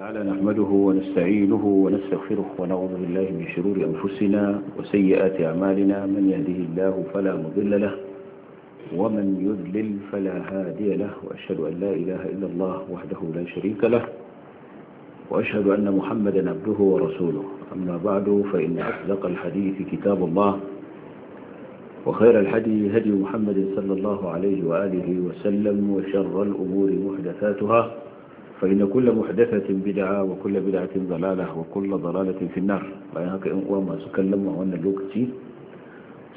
تعالى نحمده ونستعينه ونستغفره ونعوذ بالله من شرور أنفسنا وسيئات أعمالنا من يهده الله فلا مضل له ومن يذلل فلا هادي له وأشهد أن لا إله إلا الله وحده لا شريك له وأشهد أن محمدا عبده ورسوله أما بعد فإن أصدق الحديث كتاب الله وخير الحدي هدي محمد صلى الله عليه وآله وسلم وشر الأمور محدثاتها فإن كل محدثة بدعة وكل بدعة ضلالة وكل ضلالة في النار بيانك إنقوى ما سكلم وأن اللوكتي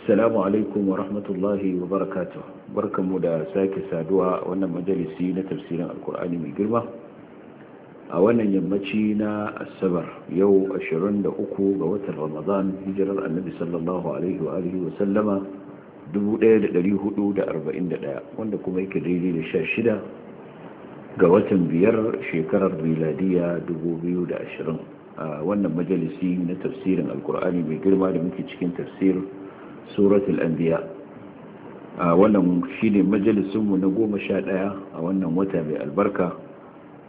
السلام عليكم ورحمة الله وبركاته بركة مدى ساكي سادوها وأن مجلسي لتفسير القرآن من قربة أولا يمتشينا السبر يو أشرن لأكو بوت رمضان هجر النبي صلى الله عليه وآله وسلم دبو ليل لليهدو دا أربعين دا وأن كما يكريلي لشاشدة ga watan biyar shekarar miladiya 2020 a wannan majalisi na tafsirin alkur'ani mai girma da muke cikin tafsir suratul anbiya a wannan shine majalisinmu na goma sha ɗaya a wannan wata mai albarka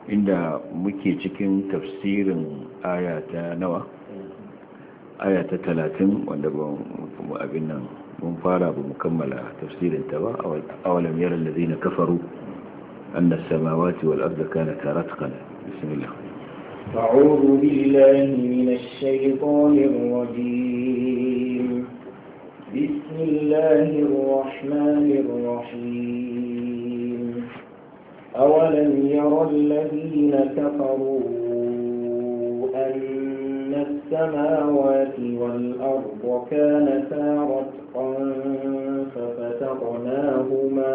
inda muke cikin tafsirin aya nawa aya ta talatin wanda ba abin nan mun fara ba mu tafsirin ta ba a walam yaran da zai na kafaru أن السماوات والأرض كانتا رتقا بسم الله أعوذ بالله من الشيطان الرجيم بسم الله الرحمن الرحيم أولم ير الذين كفروا أن السماوات والأرض كانتا رتقا ففتقناهما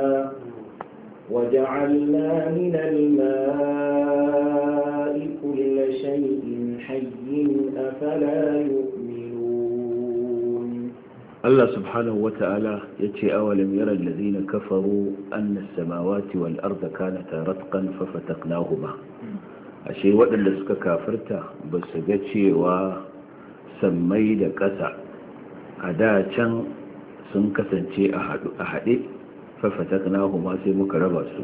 وجعلنا من الماء كل شيء حي أفلا يؤمنون الله سبحانه وتعالى يتي أولم يرى الذين كفروا أن السماوات والأرض كانتا رتقا ففتقناهما أشي waɗanda اللي kafirta بس su ga cewa sammai da ƙasa a da sun kasance a haɗe ففتقناهما سي مكربا سو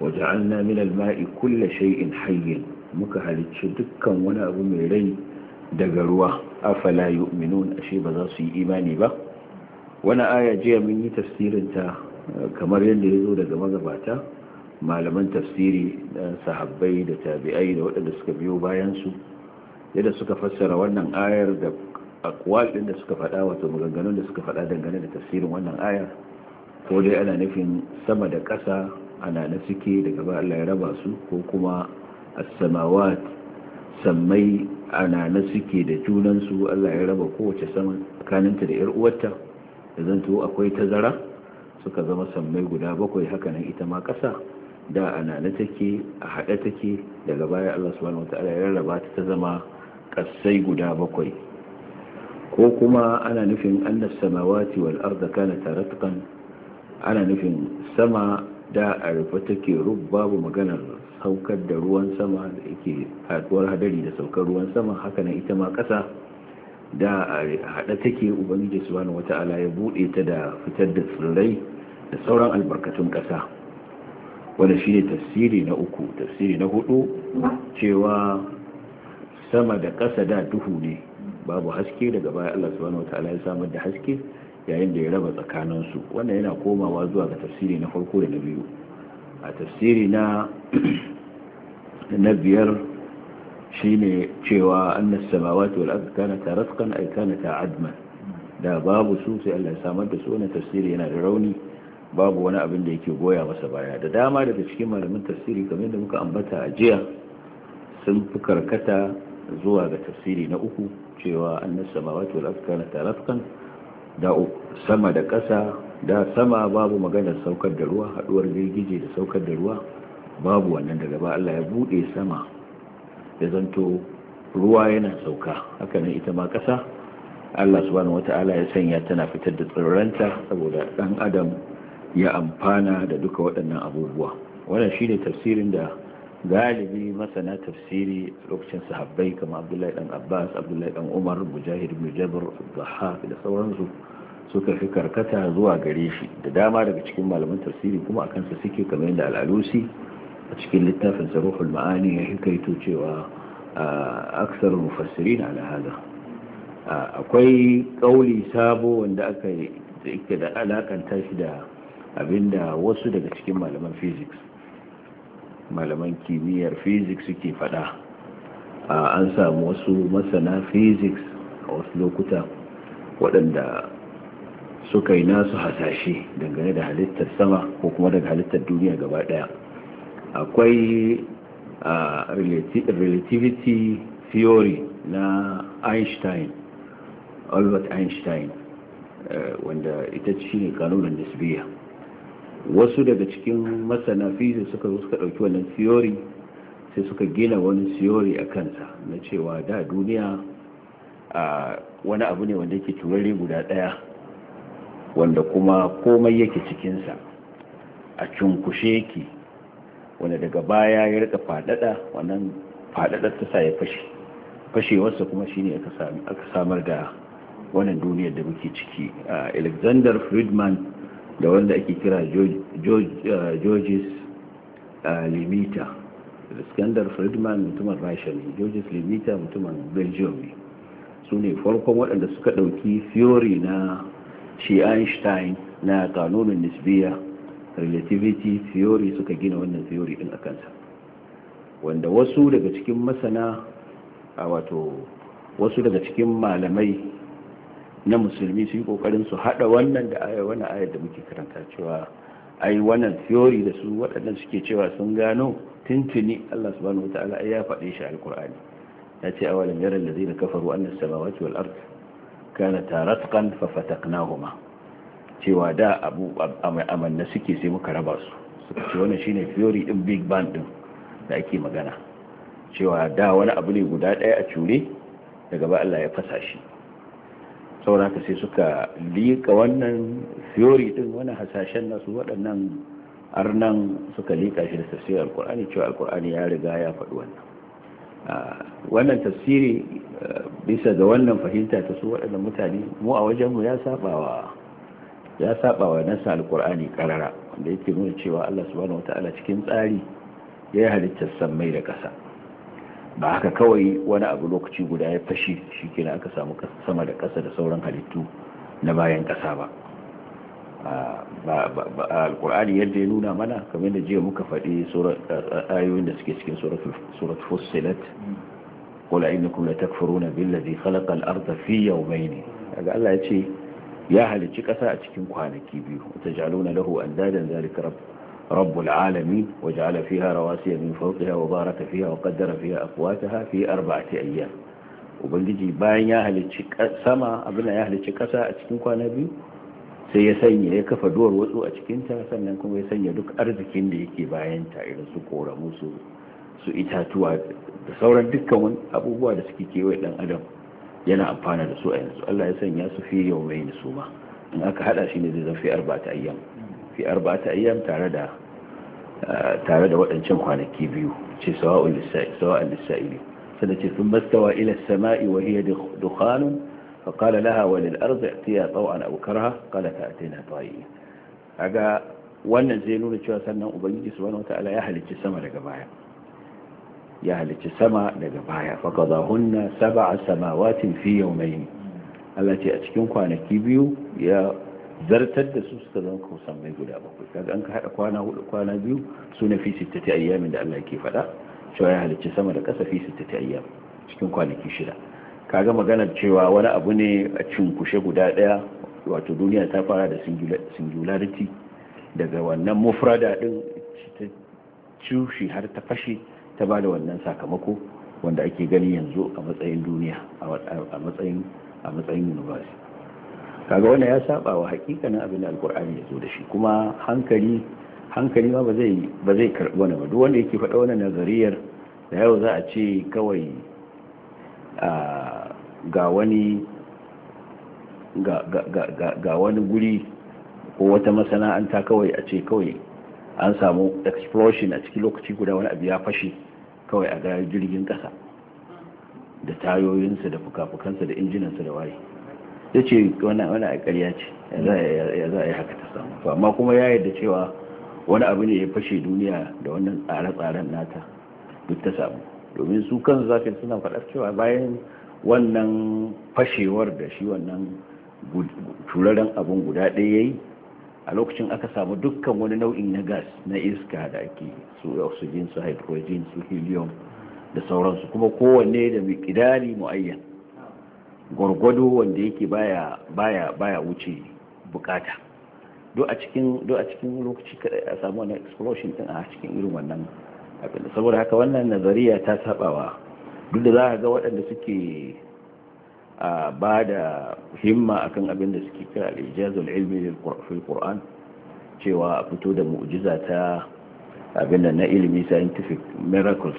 وجعلنا من الماء كل شيء حي مكهلتش daga ruwa ابو ميري دغروا ashe يؤمنون su yi imani ba با aya jiya mun yi tafsirin ta kamar yadda ya zo daga magabata malaman tafsiri da sahabbai da tabi'ai da waɗanda suka biyo bayansu yadda suka fassara wannan ayar da akwal ɗin da suka faɗa wato maganganun da suka faɗa dangane da tafsirin wannan ayar ko dai ana nufin sama da ƙasa ana na suke daga ba Allah ya raba su ko kuma as-samawat sammai ana na suke da junan su Allah ya raba kowace sama tsakaninta da 'yar uwarta da zanto akwai tazara suka zama sammai guda bakwai haka nan ita ma ƙasa da ana na take a haɗe take daga baya Allah subhanahu wata'ala ya rarraba ta zama ƙasai guda bakwai ko kuma ana nufin annas samawati wal arda kana taratqan ana nufin sama da a rufe take rub babu maganar saukar da ruwan sama da yake haduwar hadari da saukar ruwan sama haka na ita ma kasa da a haɗa take ubangiji subhanahu wata'ala ya buɗe ta da fitar da tsirrai da sauran albarkatun ƙasa wanda shine tafsiri na uku tafsiri na hudu cewa sama da ƙasa da duhu ne babu haske daga baya Allah subhanahu wata'ala ya samar da haske yayin da ya raba tsakanin su wannan yana komawa zuwa ga tafsiri na farko da na biyu a tafsiri na na biyar shine cewa annas samawati wal ardi kanata rasqan ay kanata adman da babu su sai Allah ya samar da su wannan tafsiri yana da rauni babu wani abin da yake goya masa baya da dama daga cikin malamin tafsiri kamar da muka ambata a jiya sun fi karkata zuwa ga tafsiri na uku cewa annas samawati wal ardi kanata rasqan da sama da ƙasa da sama babu maganar saukar da ruwa haɗuwar girgije da saukar da ruwa babu wannan daga ba Allah ya buɗe sama ya zanto ruwa yana sauka hakanan ita ma ƙasa Allah subhanahu wata'ala ya sanya tana fitar da tsirranta saboda ɗan adam ya amfana da duka waɗannan abubuwa wannan shine tafsirin da galibi masana tafsiri lokacin sahabbai kamar abdullahi dan abbas abdullahi dan umar mujahid ibn jabr da sauransu suka fi karkata zuwa gare shi da dama daga cikin malaman tafsiri kuma a kansa suke kamar yadda al'alusi a cikin littafin saruhul ma'ani ya hikaito cewa aksar mufassirin ala hada akwai kauli sabo wanda aka yi da alakanta shi da abinda wasu daga cikin malaman physics malaman kimiyyar physics suke fada an samu wasu masana physics a wasu lokuta waɗanda suka yi nasu hasashe dangane da halittar sama ko kuma daga halittar duniya gaba ɗaya akwai relativity theory na einstein albert einstein eh, wanda ita ce kanunan nisbiyar wasu daga cikin masana fizi suka zo suka ɗauki wannan theory sai suka gina wani theory a kansa na cewa da duniya a wani abu ne wanda yake turare guda ɗaya wanda kuma komai yake cikinsa a cunkushe yake wanda daga baya ya rika faɗaɗa wannan faɗaɗar ta sa ya fashe fashewarsa kuma shine aka samar da wannan duniyar da muke ciki alexander friedman da wanda ake kira uh, georges uh, limita iskandar friedman mutumin rasha ne georges limita mutumin belgium ne su ne farkon waɗanda suka ɗauki theory na shi einstein na kanunin nisbiya relativity theory suka gina wannan theory ɗin a kansa wanda wasu daga cikin masana a wato wasu daga cikin malamai na musulmi su yi kokarin su hada wannan da aya wani ayar da muke karanta cewa ai wannan theory da su waɗannan suke cewa sun gano tuntuni Allah subhanahu wataala ya faɗe shi alqur'ani ya ce awalam yara da kafaru anna as-samawati wal ard kanata taratqan fa fataqnahuma cewa da abu amanna suke sai muka raba su suka ce wannan shine theory din big bang din da ake magana cewa da wani abu ne guda ɗaya a cure daga ba Allah ya fasa shi saboda haka sai suka liƙa wannan theory din wani hasashen nasu waɗannan arnan suka liƙa shi da tafsirin alkur'ani cewa alkur'ani ya riga ya faɗi wannan ah, wannan tafsiri ah, bisa ga wannan fahimta ta su waɗannan mutane mu a wajenmu ya sabawa ya wa nasa alkur'ani karara wanda yake nuna cewa Allah subhanahu wataala cikin tsari ya yi halittar sammai da ƙasa ba haka kawai wani abu lokaci guda ya fashi shi kina aka samu sama da ƙasa da sauran halittu na bayan ƙasa ba alƙur'ani yadda ya nuna mana kamar da jiya muka faɗi ayoyin da suke cikin surat fussilat kula inda kuma ta takfuru na zai halakal arda fi yau mai ne daga Allah ya ce ya halicci ƙasa a cikin kwanaki biyu ta na lahu an dadan zalika rabu رب العالمين وجعل فيها رواسي من فوقها وبارك فيها وقدر فيها أقواتها في أربعة أيام وبنجي باين يا أهل ya يهل كسا أتكين كوانا بيو sai ya sanya ya kafa duwar a cikinta sannan kuma ya sanya duk arzikin da yake su ita tuwa itatuwa da sauran dukkan abubuwa da suke kewaye dan adam yana amfana da su a yanzu Allah ya sanya su fi yau mai suma in aka hada shi ne zai zafi arba ta ayyam fi arba'ati ayyam tare da eh, tare da waɗancan kwanaki biyu ce sawa'ul lisa'i sawa'ul lisa'ili sannan ce sun mastawa ila samai wa hiya dukhanun fa qala laha wa lil ardi atiya taw'an aw karaha qalat atina ta'i kaga wannan zai nuna cewa sannan ubangiji subhanahu ta'ala ya halicci sama daga baya ya halicci sama daga baya fa qadahunna sab'a samawatin fi yawmayn Allah ce a cikin kwanaki biyu ya zartar da su suka zama kusan mai guda bakwai kaga an ka haɗa kwana hudu kwana biyu su na fi sittati ayyamin da Allah ke faɗa cewa ya halicci sama da ƙasa fi sittati ayyam cikin kwanaki shida kaga maganar cewa wani abu ne a cin kushe guda ɗaya wato duniya ta fara da singularity daga wannan mufrada din ta cushi har ta fashe ta ba da wannan sakamako wanda ake gani yanzu a matsayin duniya a matsayin a matsayin university kaga wannan ya saba wa hakikanin abin da alkur'ani ya zo da shi kuma hankali hankali ma ba zai karbi ba duk wanda yake faɗa wani nazariyar da yau za a ce kawai ga wani guri ko wata masana'anta kawai a ce kawai an samu explosion a cikin lokaci guda wani abu ya fashe kawai a ga jirgin kasa da tayoyinsa da fuka-fukansa da injinansa da waye ya ce wani a ƙarya ce ya za a yi haka ta samu amma kuma ya da cewa wani abu ne ya fashe duniya da wannan tsare-tsaren nata duk ta samu domin su kan zafi suna faɗar cewa bayan wannan fashewar da shi wannan turaren abun guda ɗaya ya yi a lokacin aka samu dukkan wani nau'in na gas na iska da ake su oxygen su hydrogen su helium da sauransu kuma kowanne da mikidari mu'ayyan gwargwado wanda yake baya baya baya wuce bukata duk a cikin duk a cikin lokaci kada a samu wannan explosion din a cikin irin wannan abin saboda haka wannan nazariya ta sabawa duk da za ka ga waɗanda suke a ba da himma akan abin da suke kira al-ijazul ilmi fil qur'an cewa a fito da mu'jiza ta abin da na ilimi scientific miracles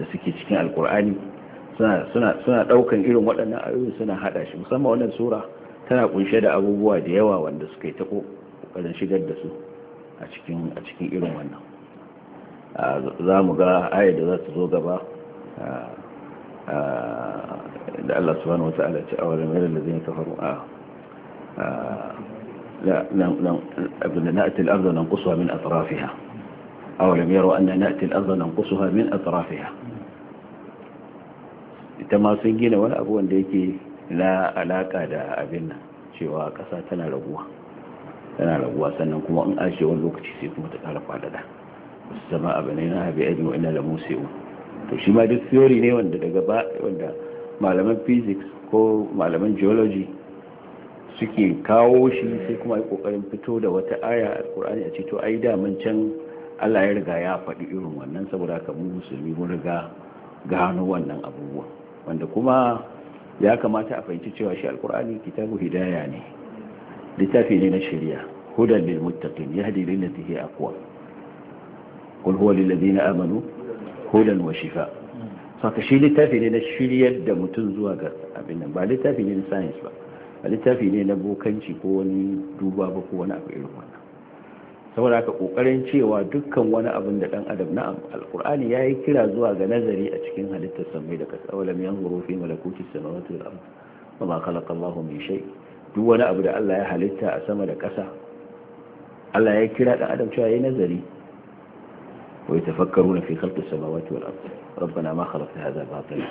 da suke cikin alkur'ani suna ɗaukan irin waɗannan ayoyin suna haɗa shi musamman wannan sura tana kunshe da abubuwa da yawa wanda suka yi ta ƙoƙarin shigar da su a cikin irin wannan za mu ga ayar da za ta zo gaba da Allah subhanahu wa ta'ala ce awalin yaran da zai kafaru a abin da na'ati al'arza nan kusuwa min atrafiha awalin yaro an na na'ati al'arza nan kusuwa min atrafiha ita ma sun gina wani abu wanda yake na alaka da abin nan cewa ƙasa tana raguwa tana raguwa sannan kuma in ashe wani lokaci sai kuma ta kara faɗaɗa wasu zama abu ne na habi ajin wa'ina da musu to shi ma duk theory ne wanda daga ba wanda malaman physics ko malaman geology suke kawo shi sai kuma yi kokarin fito da wata aya kurani a ce to da mun can Allah ya riga ya faɗi irin wannan saboda haka mu musulmi mun riga gano wannan abubuwa. wanda kuma ya kamata a fahimci cewa shi alkur'ani kitabu hidaya ne littafi ne na shari'a hudan lil muttaqin yahdi lil lati hi aqwa qul huwa lil ladina amanu hudan wa shifa ka shi littafi ne na shiryar da mutum zuwa ga abin nan ba littafi ne na science ba littafi ne na bokanci ko wani duba ba ko wani abu irin wannan saboda haka kokarin cewa dukkan wani abin da dan adam na alkur'ani ya yi kira zuwa ga nazari a cikin halittar samai da kasa wala min yanzuru fi malakuti samawati wal ard wa ma khalaqa Allahu min shay duk wani abu da Allah ya halitta a sama da kasa Allah ya kira dan adam cewa yayi nazari wa yatafakkaruna fi khalqis samawati wal ard rabbana ma khalaqta hadha batila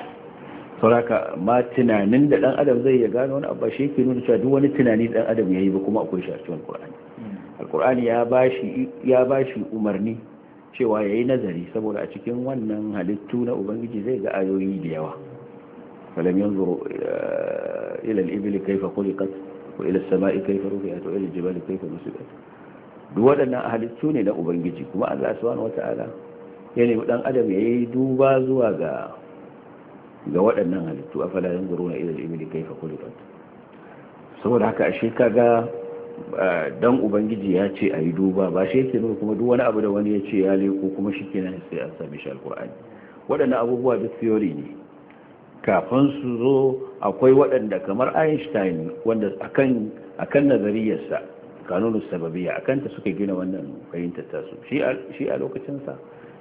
sauraka ma tunanin da dan adam zai ya gano wani abu shi ke nuna cewa duk wani tunani dan adam ya yi ba kuma akwai shi a cikin Qur'ani alkur'ani ya ba shi umarni cewa ya yi nazari saboda a cikin wannan halittu na ubangiji zai ga ayoyi da yawa falam yanzu eh, ilal ibili kaifa kulikat ko ilal sama'i kaifa rufi'at wa ilal jibali kaifa nusibat duk waɗannan halittu ne na ubangiji kuma Allah subhanahu ta'ala ya nemi dan adam ya yi duba zuwa ga ga waɗannan halittu afala yanzuruna ilal ibili kaifa kulikat saboda haka ashe kaga Eh, dan ubangiji ya ce a yi duba ba shi yake nuna kuma duk wani abu da wani ya ce ya leko kuma shi kenan sai an sami shi alkur'ani waɗannan abubuwa duk theory ne kafin su zo akwai waɗanda kamar einstein wanda akan akan nazariyarsa kanunus sababiyya akan ta suka gina wannan fahimtar su shi a lokacin sa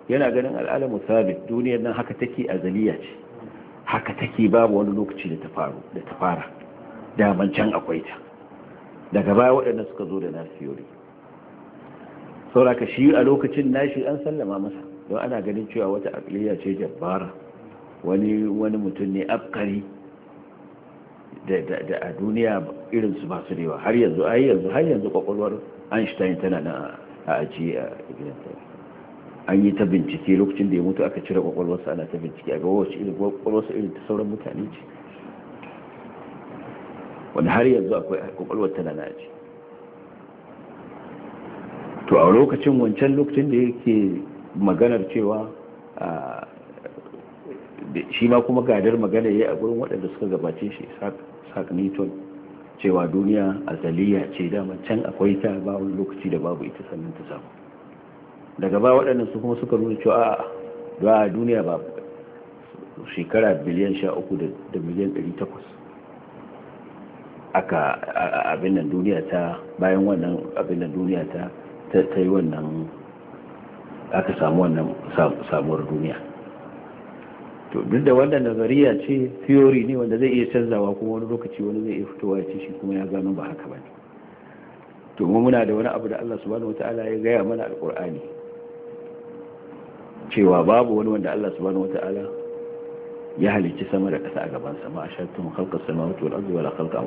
yana ganin al'alamu sabit duniyar nan haka take azaliya ce haka take babu wani lokaci da ta faru da ta fara daman can akwai ta daga baya waɗanda suka zo da nasu saura ka shi a lokacin nashi an sallama masa don ana ganin cewa wata akiliya ce jabbara wani wani mutum ne afkari da a duniya irin su ba su rewa har yanzu ai yanzu har yanzu kwakwalwar Einstein tana na a ajiye a an yi ta bincike lokacin da ya mutu aka cire kwakwalwarsa ana ta bincike a ga wasu irin kwakwalwarsa irin ta sauran mutane ce wanda har yanzu akwai kwakwalwar tana na ce to a lokacin wancan lokacin da yake maganar cewa shi ma kuma gadar magana ya yi a gurin waɗanda suka gabace shi sak newton cewa duniya zaliya ce dama can akwai ta ba wani lokaci da babu ita sannan ta samu daga ba waɗannan su kuma suka nuna cewa a duniya ba shekara biliyan sha uku da miliyan ɗari takwas aka abin nan duniya ta bayan wannan abin nan duniya ta ta yi wannan aka samu wannan samuwar duniya to duk da wannan nazariya ce theory ne wanda zai iya canzawa kuma wani lokaci wani zai iya fitowa ce shi kuma ya gano ba haka ba ne to mu muna da wani abu da Allah subhanahu wataala ya gaya mana alqur'ani cewa babu wani wanda Allah subhanahu wataala ya halicci sama da ƙasa a gaban sama a shattun halkar sama mutuwar ardi wala khalqa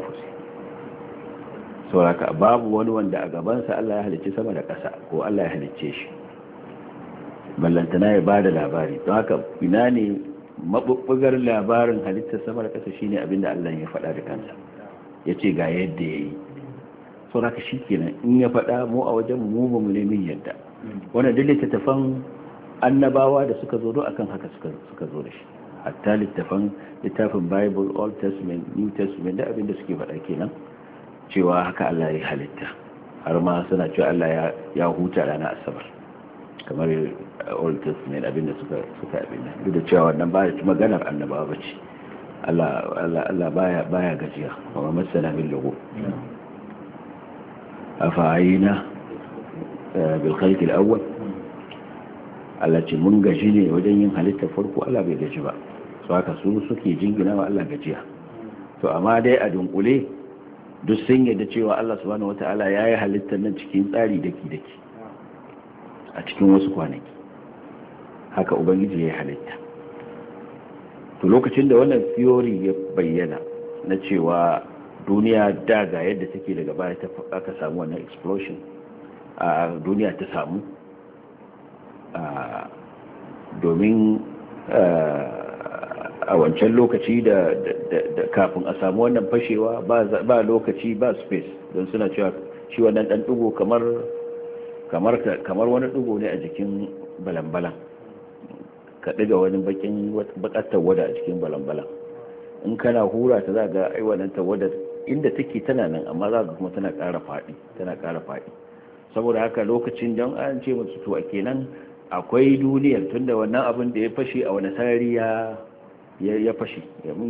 sauraka babu wani wanda a gabansa Allah ya halicci sama da ƙasa ko Allah ya halicce shi ballantana ya bada labari don haka ina ne mabubbugar labarin halittar sama da ƙasa shine abinda Allah ya faɗa da kansa ya ce ga yadda ya yi sauraka shi kenan in ya faɗa mu a wajen mu ba mu nemi yadda wannan duk littattafan annabawa da suka zo do akan haka suka zo da shi hatta littafan littafin bible old testament new testament da abinda suke faɗa kenan cewa haka Allah ya halitta har ma suna cewa Allah ya huta rana asabar kamar old testament abinda suka suka abinda duk da cewa wannan ba ta maganar annabawa bace Allah Allah Allah baya baya gajiya kuma masana bin lugu afa'ina bil khalq al awwal Allah ce mun gaji ne wajen yin halitta farko Allah bai gaji ba su haka su suke jingina wa Allah gajiya to amma dai a dunkule duk sun yadda cewa Allah subhanahu wata'ala ya yi halittar nan cikin tsari daki-daki a cikin wasu kwanaki haka ubangiji ya yi halitta to lokacin da wannan theory ya bayyana na cewa duniya da ga yadda take daga baya ta aka samu wannan explosion a duniya ta samu domin eh, a wancan lokaci da kafin a samu wannan fashewa ba lokaci ba space don suna cewa shi wannan dan dugo kamar wani dugo ne a jikin balambalan ka ɗiga wani bakin bakar tawada a jikin balambalan in kana hura ta za ga ai ta tawada inda take tana nan amma za ga kuma tana ƙara faɗi tana ƙara faɗi saboda haka lokacin don an ce musu to kenan akwai duniyar tunda wannan abin da ya fashe a wani sarari ya ya fashe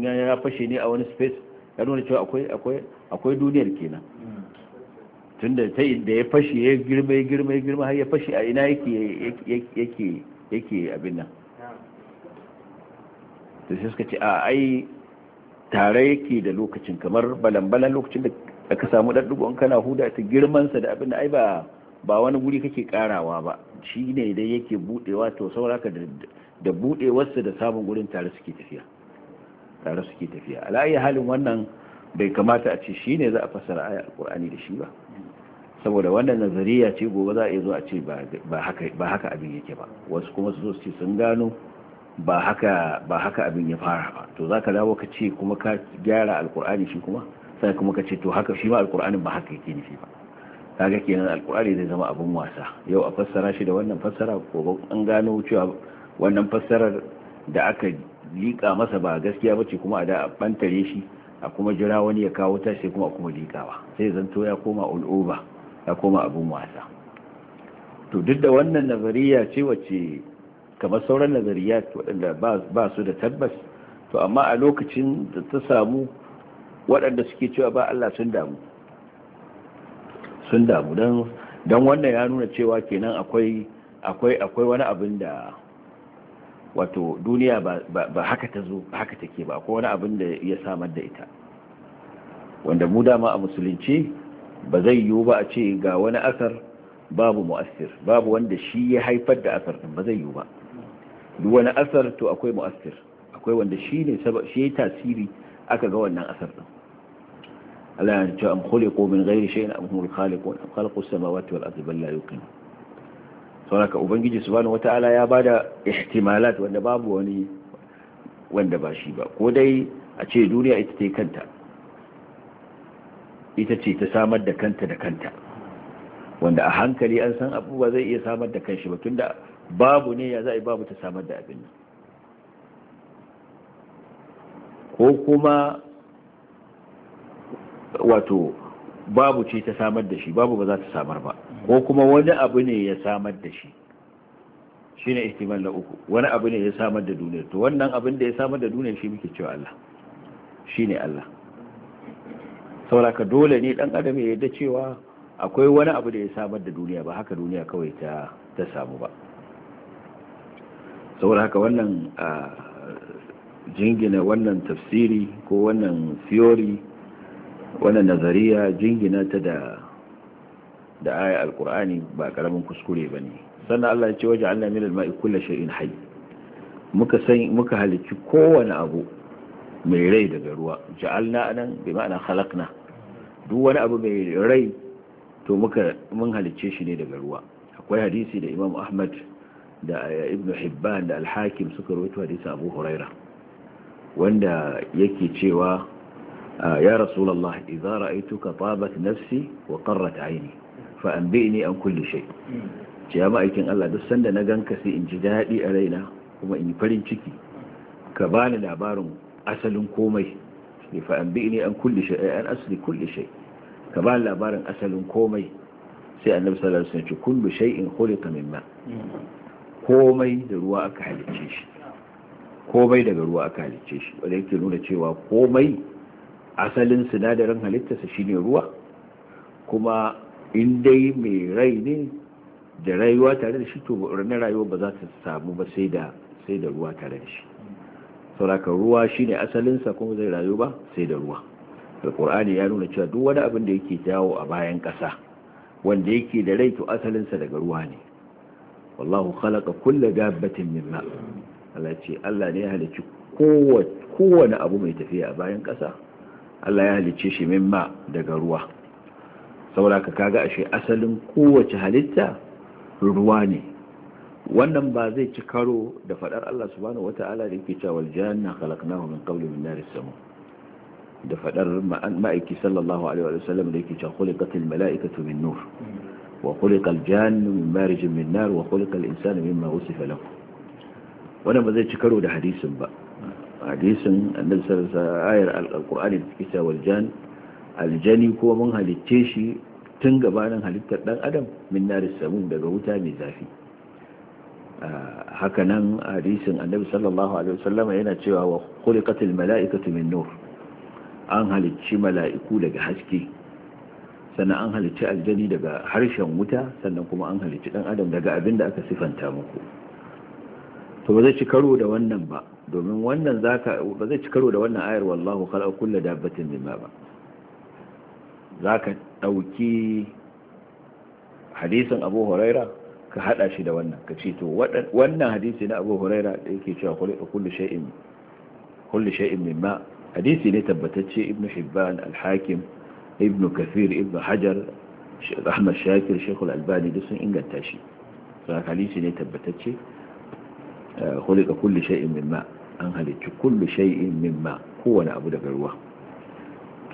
ya fashe ne a wani space ya nuna cewa akwai duniyar kenan tun da sai da ya fashe ya girma ya girma ya girma har ya fashe a ina yake yake abin nan to sai suka ce a ai tare yake da lokacin kamar balan-balan lokacin da aka samu ɗaɗɗugon kana huda ta girmansa da abin da ai ba ba wani guri kake karawa ba shi ne dai yake budewa to sauraka da buɗewarsa da samun gurin tare suke tafiya tare suke tafiya halin wannan bai kamata a ce shi ne za a fasara aya alkur'ani da shi ba saboda wannan nazariya ce gobe za a iya zo a ce ba haka abin yake ba wasu kuma su ce sun gano ba haka abin ya fara ba to za ka dawo ka ce kuma ka gyara alkur'ani shi kuma sai kuma ka ce to haka shi ma alkur'anin ba haka yake nufi ba kaga kenan alkur'ani zai zama abin wasa yau a fassara shi da wannan fassara gobe an gano cewa wannan fassarar da aka liƙa masa ba gaskiya bace kuma a da a bantare shi a kuma jira wani ya kawo ta sai kuma kuma liƙawa sai zanto ya koma ul'uba ya koma abun wasa to duk da wannan nazariya ce wacce kamar sauran nazariya waɗanda ba su da tabbas to amma a lokacin da ta samu waɗanda suke cewa ba Allah sun damu sun damu don wannan ya nuna cewa kenan akwai akwai akwai wani abin da wato duniya ba haka ta zo haka take ba ko wani abin da ya samar da ita wanda mu dama a musulunci ba zai yiwu ba a ce ga wani asar babu mu'assir babu wanda shi ya haifar da asar ba zai yiwu ba duk wani asar to akwai mu'assir akwai wanda shi ne shi ya tasiri aka ga wannan asar din Allah ya ce am khuliqu min ghairi shay'in am humul khaliqun am khalaqu as-samawati wal ardi bal la yuqinun sauraka ubangiji su subhanahu wata'ala ya ba da ihtimalat wanda babu wani wanda ba shi ba ko dai a ce duniya ita ce kanta ita ce ta samar da kanta da kanta wanda a hankali an san abubuwa zai iya samar da kanshi ba tunda babu ne ya za'i babu ta samar da abin ko kuma wato babu ce ta samar da shi babu ba za ta samar ba ko kuma wani abu ne ya samar da shi shi ne ihtimal na uku wani abu ne ya samar da duniya to wannan abin da ya samar da duniya shi muke cewa Allah shi ne Allah sauraka dole ne dan adam ya yarda cewa akwai wani abu da ya samar da duniya ba haka duniya kawai ta ta samu ba saboda haka wannan jingina wannan tafsiri ko wannan theory wannan nazariya jingina ta da da aya alkur'ani ba karamin kuskure ba ne sannan Allah ce waje Allah min alma'i kullu shay'in hayy muka san muka halicci kowane abu mai rai daga ruwa ja'alna anan bi ma'ana khalaqna duk wani abu mai rai to muka mun halicce shi ne daga ruwa akwai hadisi da Imam Ahmad da Ibn Hibban da Al-Hakim suka rawaito hadisi Abu Huraira wanda yake cewa ya rasulullah idza ra'aytuka tabat nafsi wa qarrat 'aini fa an bi ni an kulli shay ce hmm. ya ma'aikin Allah duk sanda na ganka sai in ji daɗi a raina kuma in yi farin ciki ka bani labarin asalin komai ne fa an bi ni an kulli shay an asli kulli shay ka bani labarin asalin komai sai annabi sallallahu alaihi wasallam ce kullu shay'in khuliqa min ma hmm. komai da ruwa aka halicce shi komai daga ruwa aka halicce shi wanda yake nuna cewa komai asalin sinadarin halittarsa shine ruwa kuma in dai mai rai ne da rayuwa tare da shi to na rayuwa ba za ta samu ba sai da ruwa tare da shi sauraka ruwa shine asalinsa kuma zai rayu ba sai da ruwa ƙorani ya nuna cewa duk wani abin da yake jawo a bayan ƙasa wanda yake da rai to asalinsa daga ruwa ne wallahu khalaqa kulla dabbatin min ma Allah ce Allah ne ya halicci kowane abu mai tafiya a bayan ƙasa Allah ya halicce shi min ma daga ruwa saboda ka kaga ashe asalin kowace halitta ruwa ne wannan ba zai ci karo da fadar Allah subhanahu wata'ala da yake cewa aljanna khalaqnahu min qabli min nar as-sama da fadar ma'aiki sallallahu alaihi wa sallam da yake cewa khuliqatil mala'ikatu min nur wa khuliqal jannu min marij min nar wa khuliqal insanu mimma usifa lahu wannan ba zai ci karo da hadisin ba hadisin annabi sallallahu alaihi wa sallam ayar al-qur'ani da yake cewa aljanna aljani ko mun halitte shi tun gabanin halittar dan adam min naris samun daga wuta mai zafi ah, haka nan hadisin annabi sallallahu alaihi wasallama yana cewa wa khuliqatil mala'ikatu min nur an halicci mala'iku daga haske sannan an halicci aljani daga harshen wuta sannan kuma an halicci dan adam daga abin da aka sifanta muku to ba zai ci karo da wannan ba domin wannan zaka ba zai ci karo da wannan ayar wallahu khalaqa kullu dabbatin mimma ba za ka ɗauki hadisin abu huraira ka hada shi da wannan ka ce to wannan hadisi na abu huraira da yake cewa kullu shay'in kullu shay'in mimma hadisi ne tabbatacce Ibn hibban al-hakim ibnu kathir ibnu hajar ahmad shakir shaykh al-albani duk sun inganta shi za ka hadisi ne tabbatacce eh, khuliqa kullu shay'in mimma an halicci kullu shay'in mimma kowane abu daga ruwa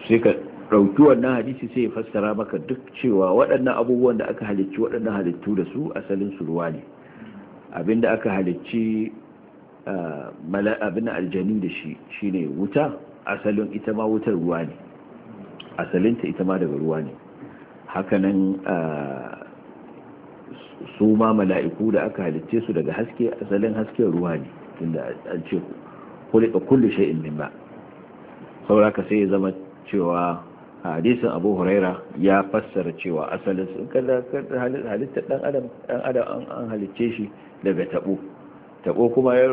sai ka rautu wannan hadisi sai ya fassara maka duk cewa waɗannan abubuwan da aka halicci waɗannan halittu da su asalin su ruwa ne abinda aka halicci abinda aljanu da shi shine wuta asalin ita ma wutar ruwa ne asalinta ita ma daga ruwa ne hakanan su ma mala'iku da aka halicce su daga haske asalin hasken ruwa ne tunda an ce kulle kullu shay'in min ba saboda ka sai ya zama cewa hadisin abu huraira ya fassara cewa asalin sun kada dan adam dan adam an halicce shi daga tabo tabo kuma ya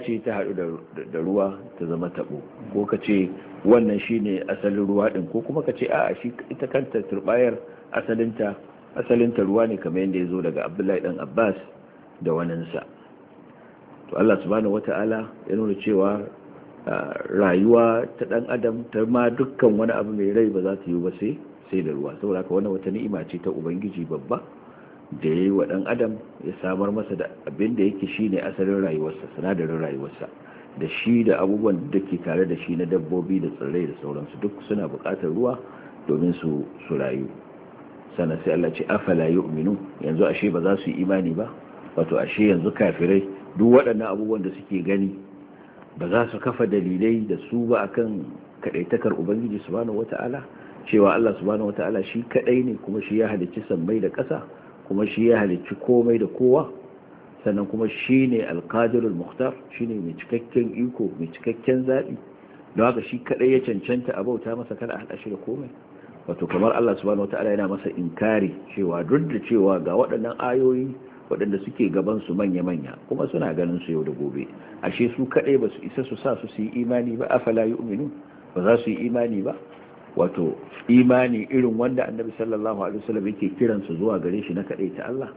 ce ta hadu da ruwa ta zama tabo ko ka ce wannan shine asalin ruwa din ko kuma ka ce a'a shi ita kanta turbayar asalinta asalinta ruwa ne kamar yadda ya zo daga abdullahi dan abbas da waninsa to allah subhanahu wataala ya nuna cewa rayuwa ta ɗan adam ta ma dukkan wani abu mai rai ba za ta yi ba sai sai da ruwa saboda haka wannan wata ni'ima ce ta ubangiji babba da ya yi wa dan adam ya samar masa da abin da yake shine asalin rayuwarsa sinadarin rayuwarsa da shi da abubuwan da ke tare da shi na dabbobi da tsirrai da sauransu duk suna buƙatar ruwa domin su su rayu sannan sai Allah ce afala yu'minu yanzu ashe ba za su yi imani ba wato ashe yanzu kafirai duk waɗannan abubuwan da suke gani ba za su kafa dalilai da su ba a kan kaɗaitakar ubangiji subhanahu wata'ala cewa Allah subhanahu shi kadai ne kuma shi ya halicci sammai da ƙasa kuma shi ya halicci komai da kowa sannan kuma shi ne alkadirul muhtar shi ne mai cikakken iko mai cikakken zaɓi don haka shi kadai ya cancanta a bauta masa kada a haɗa shi da komai wato kamar Allah subhanahu yana masa inkari cewa duk da cewa ga waɗannan ayoyi waɗanda suke gaban su manya-manya kuma suna ganin su yau da gobe ashe su kaɗai ba su isa su sa su yi imani ba a afala yu'minu ba za su yi imani ba wato imani irin wanda annabi sallallahu alaihi wasallam yake kiran su zuwa gare shi na kaɗai ta Allah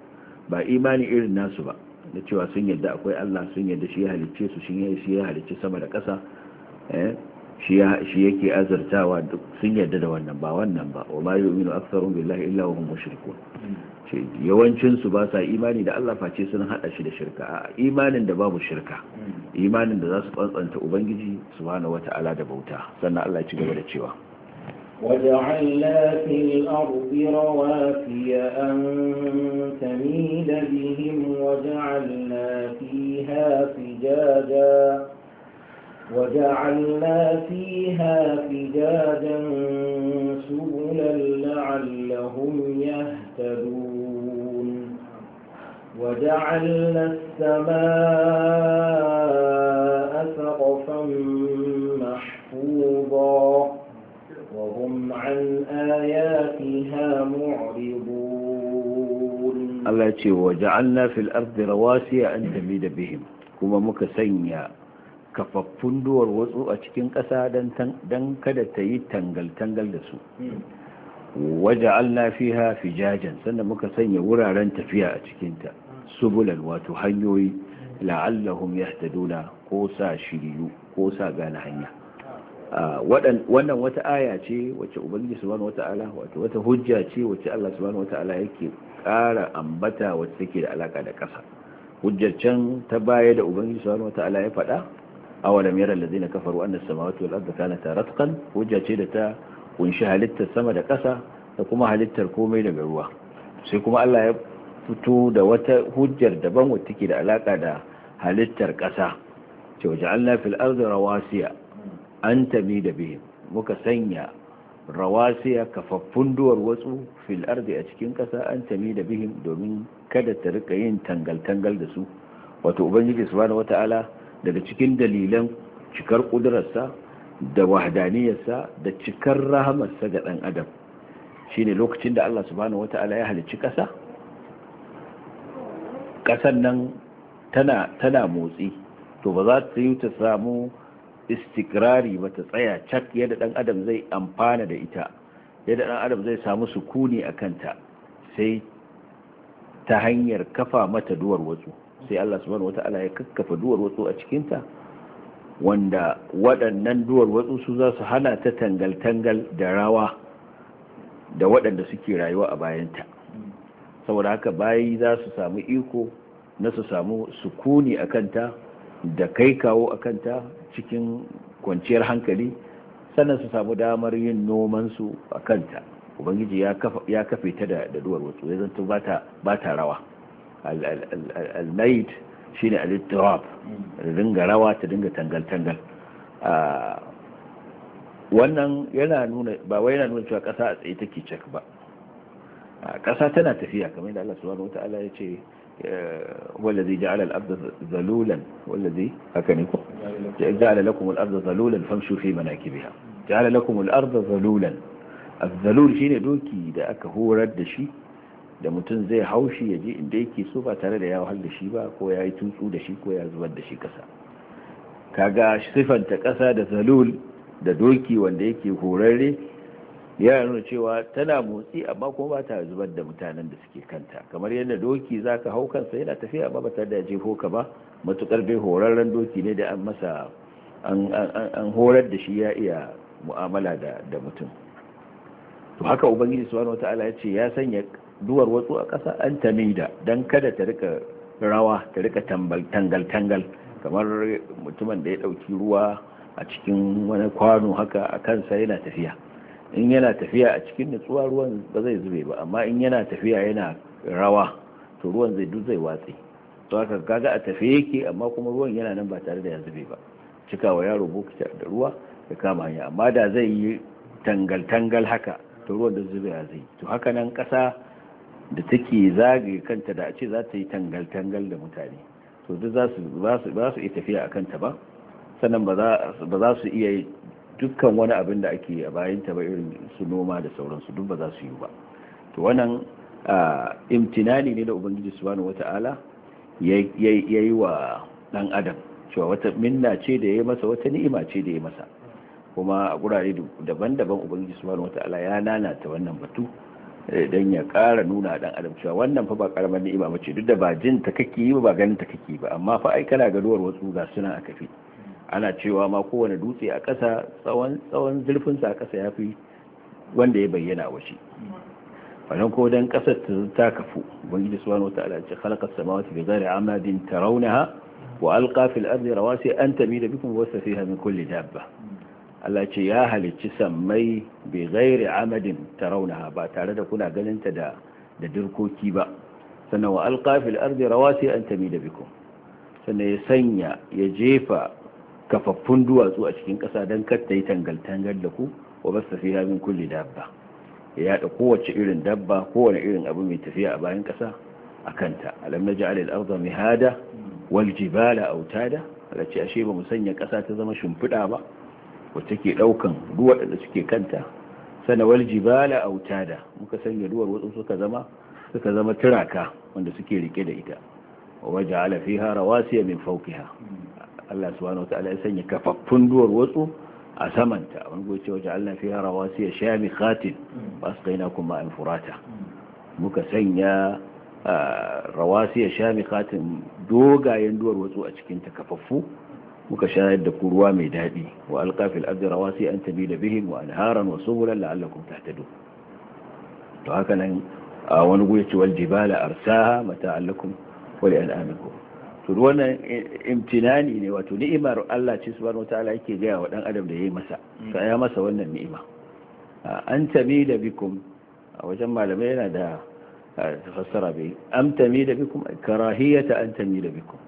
ba imani irin nasu ba na cewa sun yadda akwai Allah sun yadda shi ya halicce su shi ya halicce sama da ƙasa eh? shi yake azurtawa duk sun yarda da wannan ba wannan ba wa ma yu'minu aktharuhum billahi illa wa hum mushrikun ce yawancin su ba sa imani da Allah face sun hada shi da shirka a imanin da babu shirka imanin da za su tsantsanta ubangiji subhanahu wata'ala da bauta sannan Allah ya ci gaba da cewa وجعلنا في الأرض رواسي أن تميد بهم وجعلنا فيها فجاجا وجعلنا فيها فجاجا سبلا لعلهم يهتدون وجعلنا السماء سقفا محفوظا وهم عن آياتها معرضون الله يقول وجعلنا في الأرض رواسي أن تميد بهم كما مكسنيا kafaffun duwar watsu a cikin ƙasa don kada ta yi tangal-tangal da su waje fi jajen sannan muka sanya wuraren tafiya a cikinta subulan wato hanyoyi la'allahum yahtaduna ko sa shiryu ko sa gane hanya wannan wata aya ce wacce ubangiji subhanahu wata'ala wato wata hujja ce wacce Allah subhanahu wata'ala yake ƙara ambata wacce take da alaka da ƙasa hujjar can ta baya da wani subhanahu wata'ala ya faɗa awalam yara allazina kafaru anna as-samawati wal arda kanata ratqan hujja ce da ta kunshi halittar sama da ƙasa da kuma halittar komai daga ruwa sai kuma Allah ya fito da wata hujjar daban wacce take da alaka da halittar ƙasa ce waja'alna fil ardi rawasiya an tamida bihim muka sanya rawasiya kafaffun duwar watsu fil ardi a cikin ƙasa an tamida bihim domin kada ta rika yin tangal tangal da su wato ubangiji subhanahu wata'ala daga cikin dalilan cikar ƙudurarsa da wahdaniyarsa da cikar rahamarsa ga ɗan adam Shi ne lokacin da Allah subhanahu wata'ala ya halicci ƙasa ƙasan nan tana tana motsi to ba za ta yi ta samu istikrari ba ta tsaya cak yadda ɗan adam zai amfana da ita yadda ɗan adam zai samu sukuni a kanta sai ta hanyar kafa mata duwar wasu sai Allah subhanahu wata'ala ya kakkafa duwar wasu a cikinta wanda waɗannan duwar wasu su za su hana ta tangal-tangal da rawa da waɗanda suke rayuwa a bayanta saboda haka bayi za su samu iko na su samu sukuni a kanta da kai kawo a kanta cikin kwanciyar hankali sannan su samu damar yin nomansu a kanta ubangiji ya kafe ta da duwar watsu ya zanto ba ta rawa al-maid shine al-ittirab ringa rawa ta dinga tangal tangal wannan yana nuna ba wai yana nuna cewa kasa a tsaye take cek ba kasa tana tafiya kamar yadda Allah subhanahu wata'ala ya ce wallazi ja'ala al-abda zalulan wallazi haka ne ko ja'ala lakum al zalulan famshu fi manakibiha ja'ala lakum al-arda zalulan az-zalul shine doki da aka horar da shi da mutum zai haushi ya je inda yake so ba tare da ya wahal da shi ba ko ya yi tutsu da shi ko ya zubar da shi kasa kaga sifanta kasa da zalul da doki wanda yake horarre ya nuna cewa tana motsi amma kuma ba ta zubar da mutanen da suke kanta kamar yadda doki za ka hau kansa yana tafiya amma ba tare da jefo ka ba matukar bai horarren doki ne da an masa an horar da shi ya iya mu'amala da mutum to haka ubangiji subhanahu wataala ya ce ya sanya duwar watsu a kasa an tamida dan kada ta rika rawa ta rika tangal tangal kamar mutumin da ya dauki ruwa a cikin wani kwano haka a kansa yana tafiya in yana tafiya a cikin nutsuwa ruwan ba zai zube ba amma in yana tafiya yana rawa to ruwan zai duk zai watsi to haka kaga a tafiye yake amma kuma ruwan yana nan ba tare da ya zube ba cikawa yaro bokita da ruwa ya kama hanya amma da zai yi tangal-tangal haka to ruwan da zubewa zai to haka nan ƙasa da take zagaye kanta da a ce za ta yi tangal-tangal da mutane to duk za su ba iya tafiya a kanta ba sannan ba za su iya dukkan wani abin da ake a bayanta ba irin su noma da sauransu duk ba za su yi ba to wannan imtinani ne da ubangiji subhanahu wata'ala ya yi wa dan adam cewa wata minna ce da ya yi masa wata ni'ima ce da ya yi masa kuma a gurare daban-daban ubangiji subhanahu wata'ala ya ta wannan batu eh, don ya kara nuna dan adam cewa wannan fa ba karamar ni'ima bace duk da ba jin ta kake yi ba ganin ta kake ba amma fa ai kana ga duwar wasu ga suna a kafi ana cewa ma kowane dutse a ƙasa tsawon tsawon zurfin sa a ƙasa yafi wanda ya bayyana a washi wannan ko dan ƙasar ta kafu ubangiji subhanahu wata'ala ala ce khalaqas samawati bi ghairi amadin tarawnaha وألقى في الأرض رواسي أن تميد بكم وبث فيها min kulli dabba. Allah ce ya halicci sammai bai ghairi amadin tarawnaha ba tare da kuna ganinta da da dirkoki ba sannan wa alqa fil rawa sai an da bikon sannan ya sanya ya jefa kafaffun duwatsu a cikin ƙasa don katta yi tangal-tangal da ku wa basta fi min kulli dabba ya yada kowace irin dabba kowane irin abu mai tafiya a bayan ƙasa a kanta alam na ja'al al-ardha mihada wal jibala autada alace ashe ba mu sanya ƙasa ta zama shimfiɗa ba wacce ke daukan ruwa da suke kanta sanawal jibala autada muka sanya ruwar wasu suka zama suka zama turaka wanda suke rike da ita wa ja'ala fiha rawasiya min fawqiha Allah subhanahu wa ta'ala ya sanya kafaffun duwar wasu a samanta wani goyi ce waje Allah fiha rawasiya shamikhatin basqainakum ma'an furata muka sanya ah, rawasiya shamikhatin dogayen duwar wasu a cikin takafaffu muka shayar da ku mai daɗi wa alƙafil abdirawa sai an tabi da bihim wa anharan wa subulan ta tahtadu to haka nan a wani guri ce wal jibala arsaha mata'allakum wa li'anamikum to wannan imtinani ne wato ni'imar Allah ce su subhanahu wataala yake gaya wa dan adam da ya yi masa to ya masa wannan ni'ima an tabi da bikum a wajen malamai yana da fassara bai an tami da bikum karahiyata an tami da bikum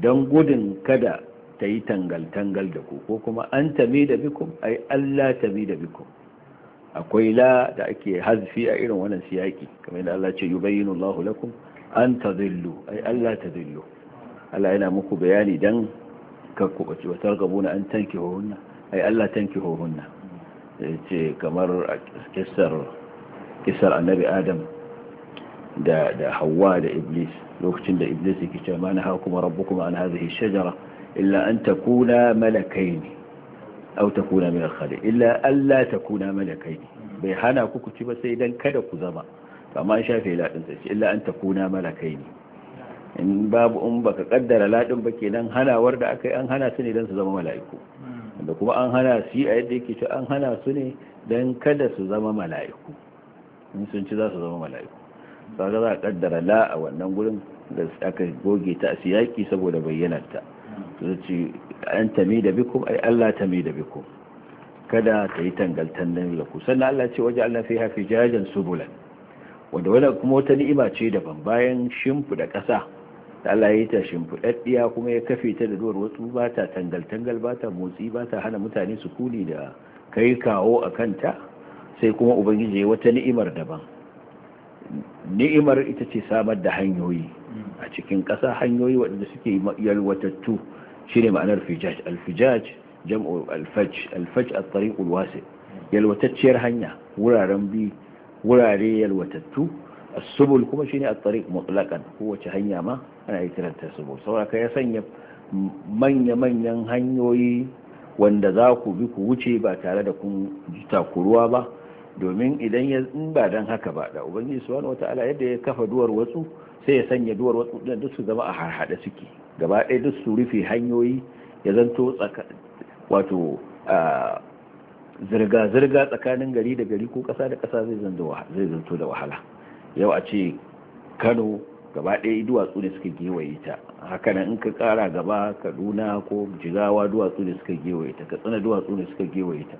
don gudun kada ta yi tangal-tangal da ku ko kuma an tami da bikum ai Allah tami da bikum akwai la da ake hazfi a irin wannan siyaki kamar yadda Allah ce yubayyinu Allahu lakum an tadillu ai Allah tadillu Allah yana muku bayani dan ka ku bace wa targabuna an tankihuhunna ai Allah Ya ce kamar a kissar annabi Adam da Hauwa da Iblis lokacin da Iblis yake cewa mana ha kuma rabbukum an hadhihi shajara إلا أن تكونا ملكين أو تكونا من الخالق إلا ألا تكونا ملكين بيحانا كتب سيدا كدك زما فما شافي لا تنسى إلا أن تكونا ملكين in babu in baka kaddara ladin ba kenan hanawar da aka yi an hana su ne don su zama mala'iku da kuma an hana su a yadda yake an hana su ne don kada su zama mala'iku in sun ci za su zama mala'iku ba za a kaddara la a wannan gurin da aka goge ta a siyaki saboda bayyanarta ce an tami da bikum ai Allah tami da bikum kada ta yi tangaltan nan da ku sannan Allah ce waje Allah fi hafi jajan subulan wanda wani kuma wata ni'ima ce daban bayan da ƙasa da Allah ya yi ta shimfiɗaɗɗiya kuma ya kafe ta da duwar wasu ba ta tangal-tangal ba ta motsi ba ta hana mutane su kuli da kai kawo a kanta sai kuma ubangiji wata ni'imar daban ni'imar ita ce samar da hanyoyi a cikin ƙasa hanyoyi waɗanda suke yalwatattu shine ma'anar fijaj alfijaj jam'u alfaj alfaj at-tariq wasi yalwatacciyar hanya wuraren bi wurare yalwatattu as-subul kuma shine at-tariq mutlaqan kowace hanya ma ana yi kiranta subul saboda ya sanya manya manyan hanyoyi wanda za ku bi ku wuce ba tare da kun takuruwa ba domin idan ya in ba dan haka ba da ubangiji subhanahu wataala yadda ya kafa duwar wasu sai ya sanya duwar wasu duk su zama a harhaɗe suke gaba ɗaya duk su rufe hanyoyi ya zanto wato zirga-zirga tsakanin gari da gari ko ƙasa da ƙasa zai zanto da wahala yau a ce kano gaba ɗaya duwatsu ne suka gewaye ta hakanan in ka ƙara gaba kaduna ko jigawa duwatsu ne suka gewaye ta katsina duwatsu ne suka gewaye ta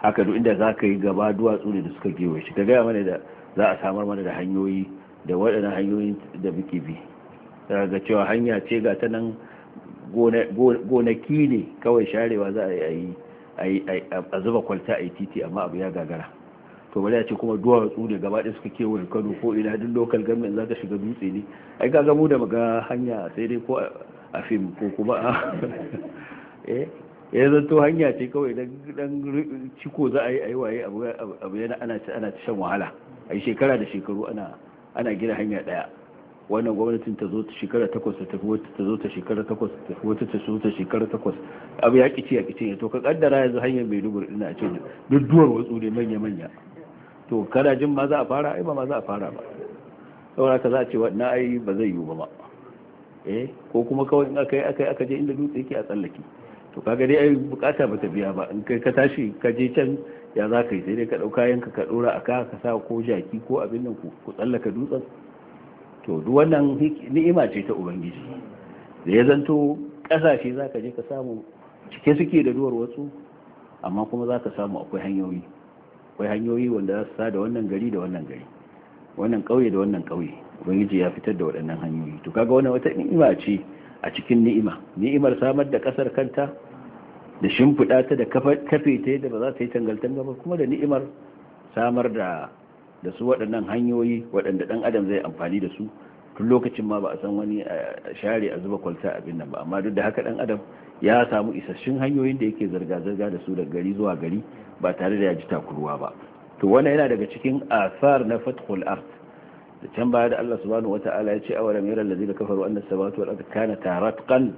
haka duk inda za ka yi gaba duwatsu ne da suka gewaye shi ka gaya mana da za a samar mana da hanyoyi da waɗannan hanyoyin da muke bi ga cewa hanya ce ga ta nan gonaki ne kawai sharewa za a yi a zuba kwalta a yi titi amma abu ya gagara to bari a ce kuma duwatsu ne gaba ɗaya suka kewaye kano ko ina duk lokal government za ka shiga dutse ne ai ka gamu da ga hanya sai dai ko a fim ko kuma a eh, ya zanto hanya ce kawai dan ciko za a yi a waye abu yana ana shan wahala a yi shekara da shekaru ana ana gina hanya daya wannan gwamnatin ta zo ta shekara takwas ta tafi wata ta zo ta shekara takwas ta tafi wata ta zo ta shekara takwas abu ya kici ya kici to ka kaddara yanzu hanyar mai dubur ina ce duk duwar watsu ne manya manya to kana jin ma za a fara ai ba ma za a fara ba saboda ka za a ce wannan ai ba zai yiwu ba ba eh ko kuma kawai in aka yi aka yi aka je inda dutse yake a tsallake to kaga dai ai bukata ba ta biya ba in kai ka tashi ka je can ya za ka yi sai dai ka ɗauka yanka ka ɗora a ka sa ko jaki ko abin nan ku tsallaka dutsen to duk wannan ni'ima ce ta ubangiji da ya zanto ƙasashe za ka je ka samu cike suke da duwar wasu amma kuma za ka samu akwai hanyoyi akwai hanyoyi wanda za su sa da wannan gari da wannan gari wannan ƙauye da wannan ƙauye ubangiji ya fitar da waɗannan hanyoyi to kaga wannan wata ni'ima ce a cikin ni'ima ni'imar samar da ƙasar kanta da shimfiɗa ta da kafe ta yadda ba za ta yi tangaltan ba kuma da ni'imar samar da da su waɗannan hanyoyi waɗanda ɗan adam zai amfani da su tun lokacin ma ba a san wani a share a zuba kwalta abin nan ba amma duk da haka ɗan adam ya samu isassun hanyoyin da yake zirga-zirga da su daga gari zuwa gari ba tare da ya ji takurwa ba to wannan yana daga cikin asar na fathul art da can baya da Allah subhanahu wata'ala ya ce awalam yara allazi da kafaru annas sabatu wal ard kana taratqan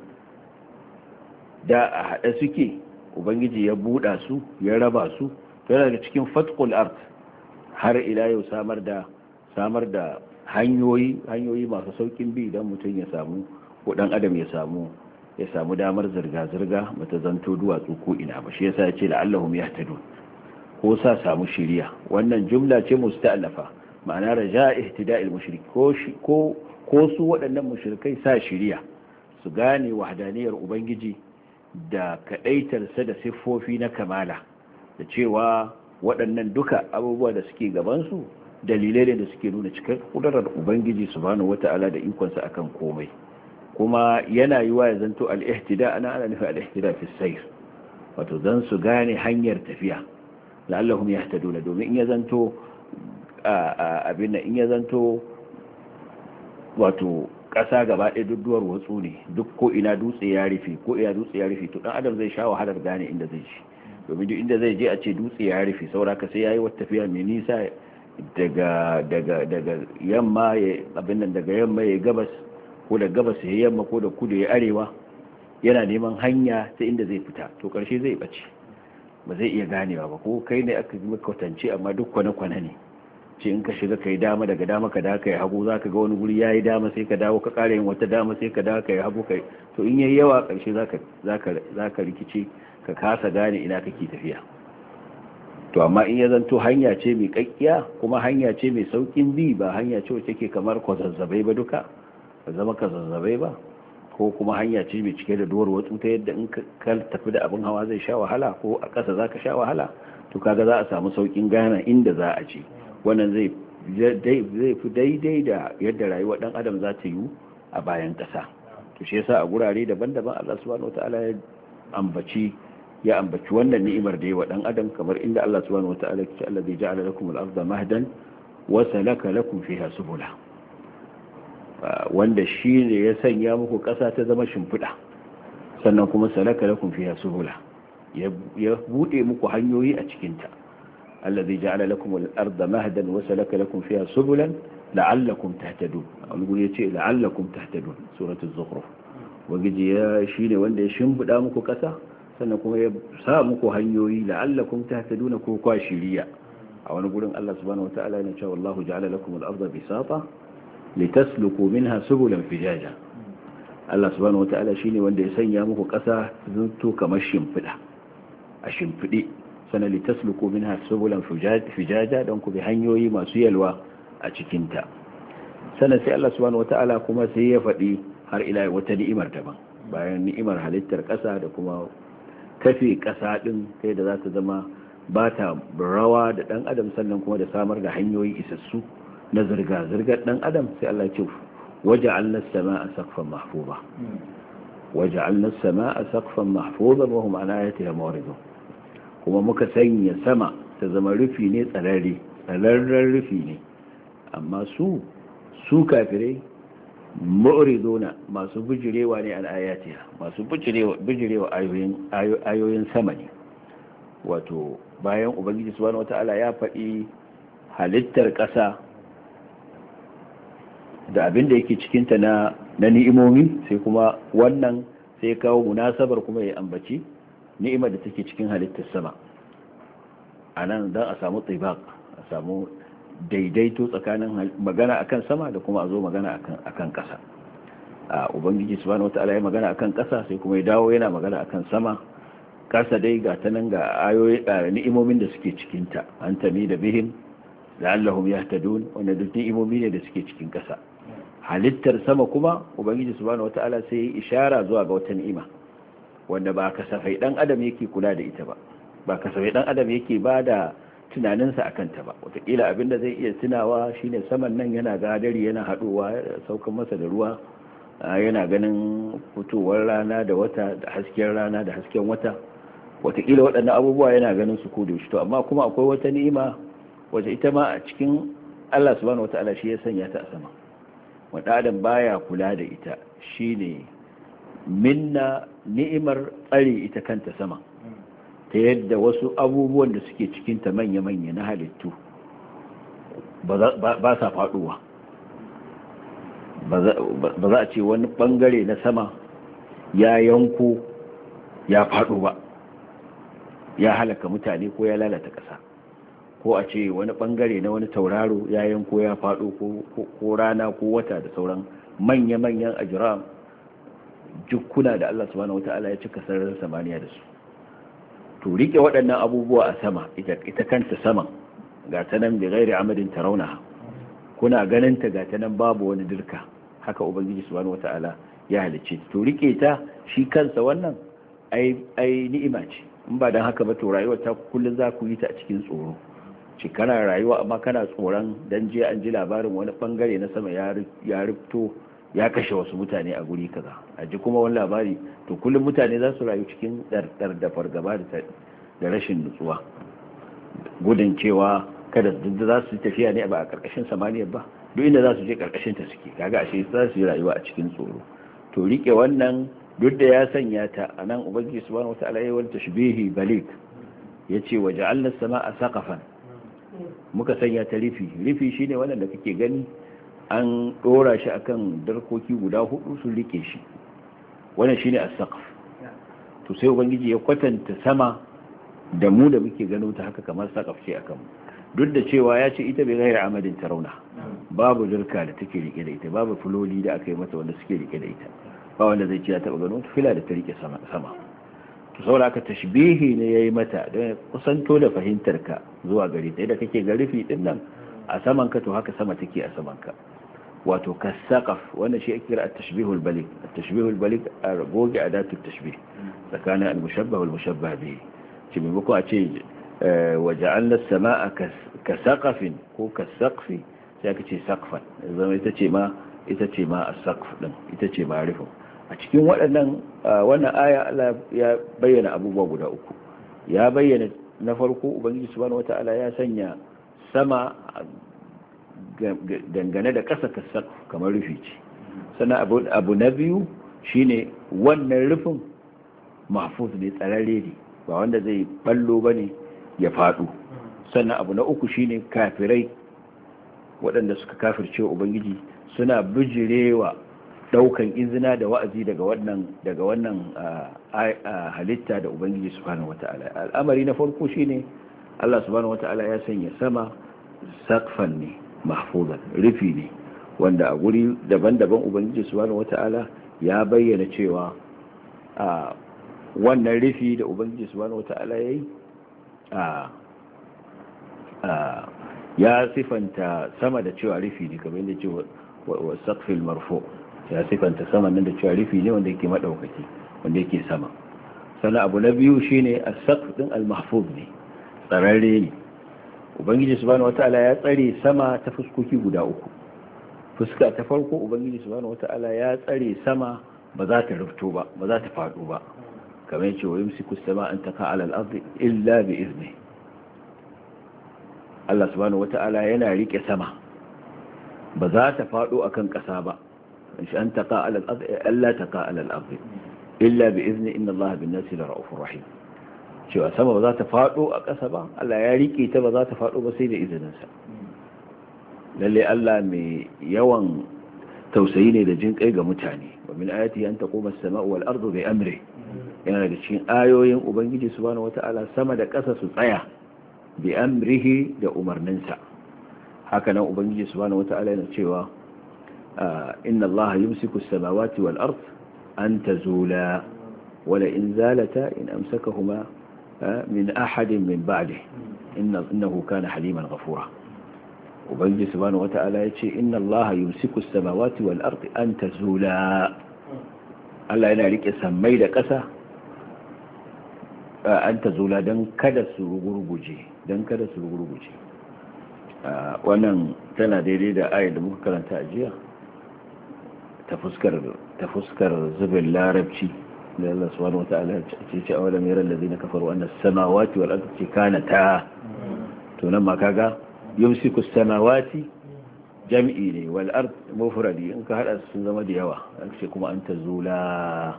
da a haɗe suke ubangiji ya buɗa su ya raba su to daga cikin fatkul art har ila yau samar da samar da hanyoyi hanyoyi masu saukin bi idan mutum ya samu ko adam ya samu ya samu damar zirga-zirga mata zanto duwatsu ko ina ba shi yasa ya ce la'allahum yahtadun ko sa samu shiriya wannan jumla ce musta'lafa ma'ana raja ihtida'il mushrik ko ko ko su waɗannan mushrikai sa shiriya su gane wahdaniyar ubangiji da kadaitarsa da siffofi na kamala da cewa waɗannan duka abubuwa da suke gabansu dalilai ne da suke nuna cikin kudurar ubangiji su subhanahu wata'ala da ikonsa akan komai kuma yana yi wa ya zanto al'ihtida ana ana nufin al'ihtida fi sai. wato zan su gane hanyar tafiya la'allahum yahtaduna domin in ya zanto abin in ya zanto wato kasa gaba ɗaya duk duwar watsu ne duk ko ina dutse ya rufe ko ina dutse ya rufe to dan adam zai sha wahalar gane inda zai je domin duk inda zai je a ce dutse ya rufe saura ka sai yayi wata tafiya mai nisa daga daga daga yamma ya abin nan daga yamma ya gabas ko da gabas ya yamma ko da kudu ya arewa yana neman hanya ta inda zai fita to karshe zai bace ba zai iya ganewa ba ko kai ne aka yi kwatance amma duk kwane-kwane ne ce in ka shiga kai dama daga dama ka da kai hagu zaka ga wani guri yayi dama sai ka dawo ka kare yin wata dama sai ka dawo kai hagu kai to in yayi yawa karshe zaka za ka rikice ka kasa gane ina kake tafiya to amma in ya zanto hanya ce mai kakkiya kuma hanya ce mai saukin bi ba hanya ce wacce ke kamar kwazazzabai ba duka ba zama kwazazzabai ba ko kuma hanya ce mai cike da duwar wasu ta yadda in ka tafi da abin hawa zai sha wahala ko a ƙasa za ka sha wahala to kaga za a samu saukin gane inda za a ce wannan zai zai fi daidai da yadda rayuwar dan adam za ta yi a bayan ƙasa to shi yasa a gurare daban-daban Allah subhanahu wataala ya ambaci ya ambaci wannan ni'imar da yawa dan adam kamar inda Allah subhanahu wataala ya ce zai ja'ala lakum al-ardha mahdan wa salaka lakum fiha subula ah, wanda shi ne ya sanya muku ƙasa ta zama shimfiɗa sannan kuma salaka lakum fiha subula ya bude muku hanyoyi a cikinta الذي جعل لكم الأرض مهدا وسلك لكم فيها سبلا لعلكم تهتدون أقول يتي لعلكم تهتدون سورة الزخرف وجدي يا شيني وندي شنب دامكو كسا سنكم يبسامكو هنيوي لعلكم تهتدون كوكوا شيريا أو نقول الله سبحانه وتعالى إن شاء الله جعل لكم الأرض بساطة لتسلكوا منها سبلا فجاجا الله سبحانه وتعالى شيني وندي سنيا مكو كسا زنتو كما الشنفلة الشنفلي sana litasluku minha subulan fijaja don ku bi hanyoyi masu yalwa a cikin ta sannan sai Allah subhanahu wata'ala kuma sai ya faɗi har ila wata ni'imar daban bayan ni'imar halittar ƙasa da kuma kafe ƙasa ɗin kai da za ta zama ba ta rawa da ɗan adam sannan kuma da samar da hanyoyi isassu na zirga-zirgar ɗan adam sai Allah ce waje alnas sama a sakfan mahfuba hmm. waje alnas sama a sakfan mahfuba ba kuma ana ya mawar kuma muka sanya sama ta zama rufi ne tsararre tsararren rufi ne amma su su kafirai mu'riduna masu bujirewa ne al'ayatiya masu bujirewa ayoyin sama ne wato bayan ubangiji wata wata'ala ya faɗi halittar ƙasa da abin da yake cikinta na ni'imomi sai kuma wannan sai kawo munasabar kuma ya ambaci ni'imar da take cikin halittar sama a nan don a samu tsibak a samu daidaito tsakanin magana akan sama da kuma a zo magana akan ƙasa a ubangiji su wata'ala ya magana akan ƙasa sai kuma ya dawo yana magana akan sama kasa dai ga ta nan ga ayoyi ni'imomin da suke cikinta an tami da ya ta dun wanda duk ni'imomi ne da suke cikin kasa halittar sama kuma ubangiji su wata ala sai ya ishara zuwa ga wata ni'ima wanda ba kasafai dan adam yake kula da ita ba ba kasafai dan adam yake ba da tunaninsa a kanta ba watakila abin da zai iya tunawa shine saman nan yana gadari yana haɗowa saukan masa da ruwa yana ganin fitowar rana da wata da hasken rana da hasken wata watakila waɗannan abubuwa yana ganin su ko shi to amma kuma akwai wata ni'ima wace ita ma a cikin Allah subhanahu wataala shi ya sanya ta a sama wanda adam baya kula da ita shine minna ni'imar tsare ita kanta sama ta yadda wasu abubuwan da suke cikinta manya-manya na halittu ba sa faduwa ba za a ce wani bangare na sama ya yanko ya fado ba ya halaka mutane ko ya lalata ƙasa ko a ce wani bangare na wani tauraro ya yanko ya fado ko rana ko wata da sauran manya-manyan ajiram jukkuna da Allah subhanahu wata'ala ya cika sararin samaniya da su to rike waɗannan abubuwa a sama ita kanta saman ga ta nan bi gairi amadin tarauna kuna ganin ta ga ta nan babu wani dirka haka ubangiji subhanahu wata'ala ya halicce to rike ta shi kansa wannan ai ai ni'ima ce in ba dan haka ba to rayuwar ta kullun za ku yi ta a cikin tsoro shi kana rayuwa amma kana tsoron dan je an ji labarin wani bangare na sama ya rifto ya kashe wasu mutane a guri kaza a ji kuma wani labari to kullum mutane za su rayu cikin ɗarɗar da fargaba da rashin nutsuwa gudun cewa kada duk za su tafiya ne ba a ƙarƙashin samaniyar ba duk inda za su je ƙarƙashin ta suke kaga ashe za su yi rayuwa a cikin tsoro to riƙe wannan duk da ya sanya ta a nan ubangiji subhanahu wata'ala ya wani tashbihi balik ya ce wa ja'alna sama'a saqafan muka sanya ta rifi rifi shine wannan da kake gani an dora shi akan darkoki guda hudu sun rike shi wannan shine as-saqf to sai ubangiji ya kwatanta sama da mu da muke gano ta haka kamar saqaf ce akan mu duk da cewa ya ce ita bai gaira amadin tarauna babu dirka da take rike da ita babu fuloli da aka yi mata wanda suke rike da ita ba wanda zai ce ya taba ganin fila da ta rike sama sama to saboda aka tashbihi ne yayi mata don kusanto da fahimtar ka zuwa gare ta da kake ga rufi din nan a saman ka to haka sama take a saman ka wato kasaqaf wannan shi ake kira at-tashbihul balik at-tashbihul balik argoge adatu at-tashbih tsakanin al-mushabbah wal mushabbah bi ce maimakon a ce eh, waja'alna as-samaa kasaqafin ko kasaqfi sai aka ce saqfan zama ita ce ma ita ce ma as-saqf din ita ce ma rufin a cikin waɗannan wannan aya Allah ya bayyana abubuwa guda uku ya bayyana na farko ubangiji subhanahu wata'ala ya sanya sama dangane da ƙasa ta kamar rufi ce sannan abu na biyu shi ne wannan rufin mafus ne tsararre ne ba wanda zai ballo ba ne ya faɗo sannan abu na uku shi ne kafirai waɗanda suka kafirce ubangiji suna bijirewa ɗaukan izina da wa'azi daga wannan daga wannan halitta da ubangiji subhanahu wataala al'amari na farko shine Allah subhanahu wataala ya sanya sama zakfan ne mahfuzan rufi ne wanda a guri daban-daban ubangiji subhanahu wata'ala ya bayyana cewa a wannan rufi da ubangiji subhanahu wata'ala yayi a ya sifanta sama da cewa rufi ne kamar yadda cewa wa saqfil marfu ya sifanta sama nan da cewa rufi ne wanda yake madaukaki wanda yake sama sannan abu na biyu shine as-saqf din al-mahfuz ne tsararre ne ubangiji subhanahu wata'ala ya tsare sama ta fuskoki guda uku fuska ta farko ubangiji subhanahu wata'ala ya tsare sama ba za ta rufto ba ba za ta faɗo ba kamar yace wa yumsiku sama an taka ala al-ardi illa bi izni Allah subhanahu wata'ala yana rike sama ba za ta faɗo akan ƙasa ba in shi an taka ala al-ardi alla taka ala al-ardi illa bi izni inna Allah bin nasi la rahim cewa sama ba za ta faɗo a ƙasa ba Allah ya rike ta ba za ta faɗo ba sai da izininsa lalle Allah mai yawan tausayi ne da jin kai ga mutane wa min ayati an taquma as-sama'u wal ardu bi amri yana daga cikin ayoyin ubangiji subhanahu wata'ala sama da ƙasa su tsaya bi amrihi da umarninsa haka nan ubangiji subhanahu wata'ala yana cewa ah, inna allaha yumsiku as-samawati wal ard an tazula wala in zalata in amsakahuma min ahadin min ba'di innahu kana haliman ghafura ubangiji subhanahu wata'ala yace inna allaha yumsiku as-samawati wal ardi an tazula Allah yana rike sammai da ƙasa an tazula dan kada su rugurguje dan kada su rugurguje wannan tana daidai da ayar da muka karanta a jiya ta fuskar zubin larabci da Allah subhanahu wata'ala ce ce a walam yaral kafaru anna as-samawati wal kanata to nan ma kaga yumsiku as-samawati jam'i ne wal ard mufradi in ka hada sun zama da yawa ce kuma an tazula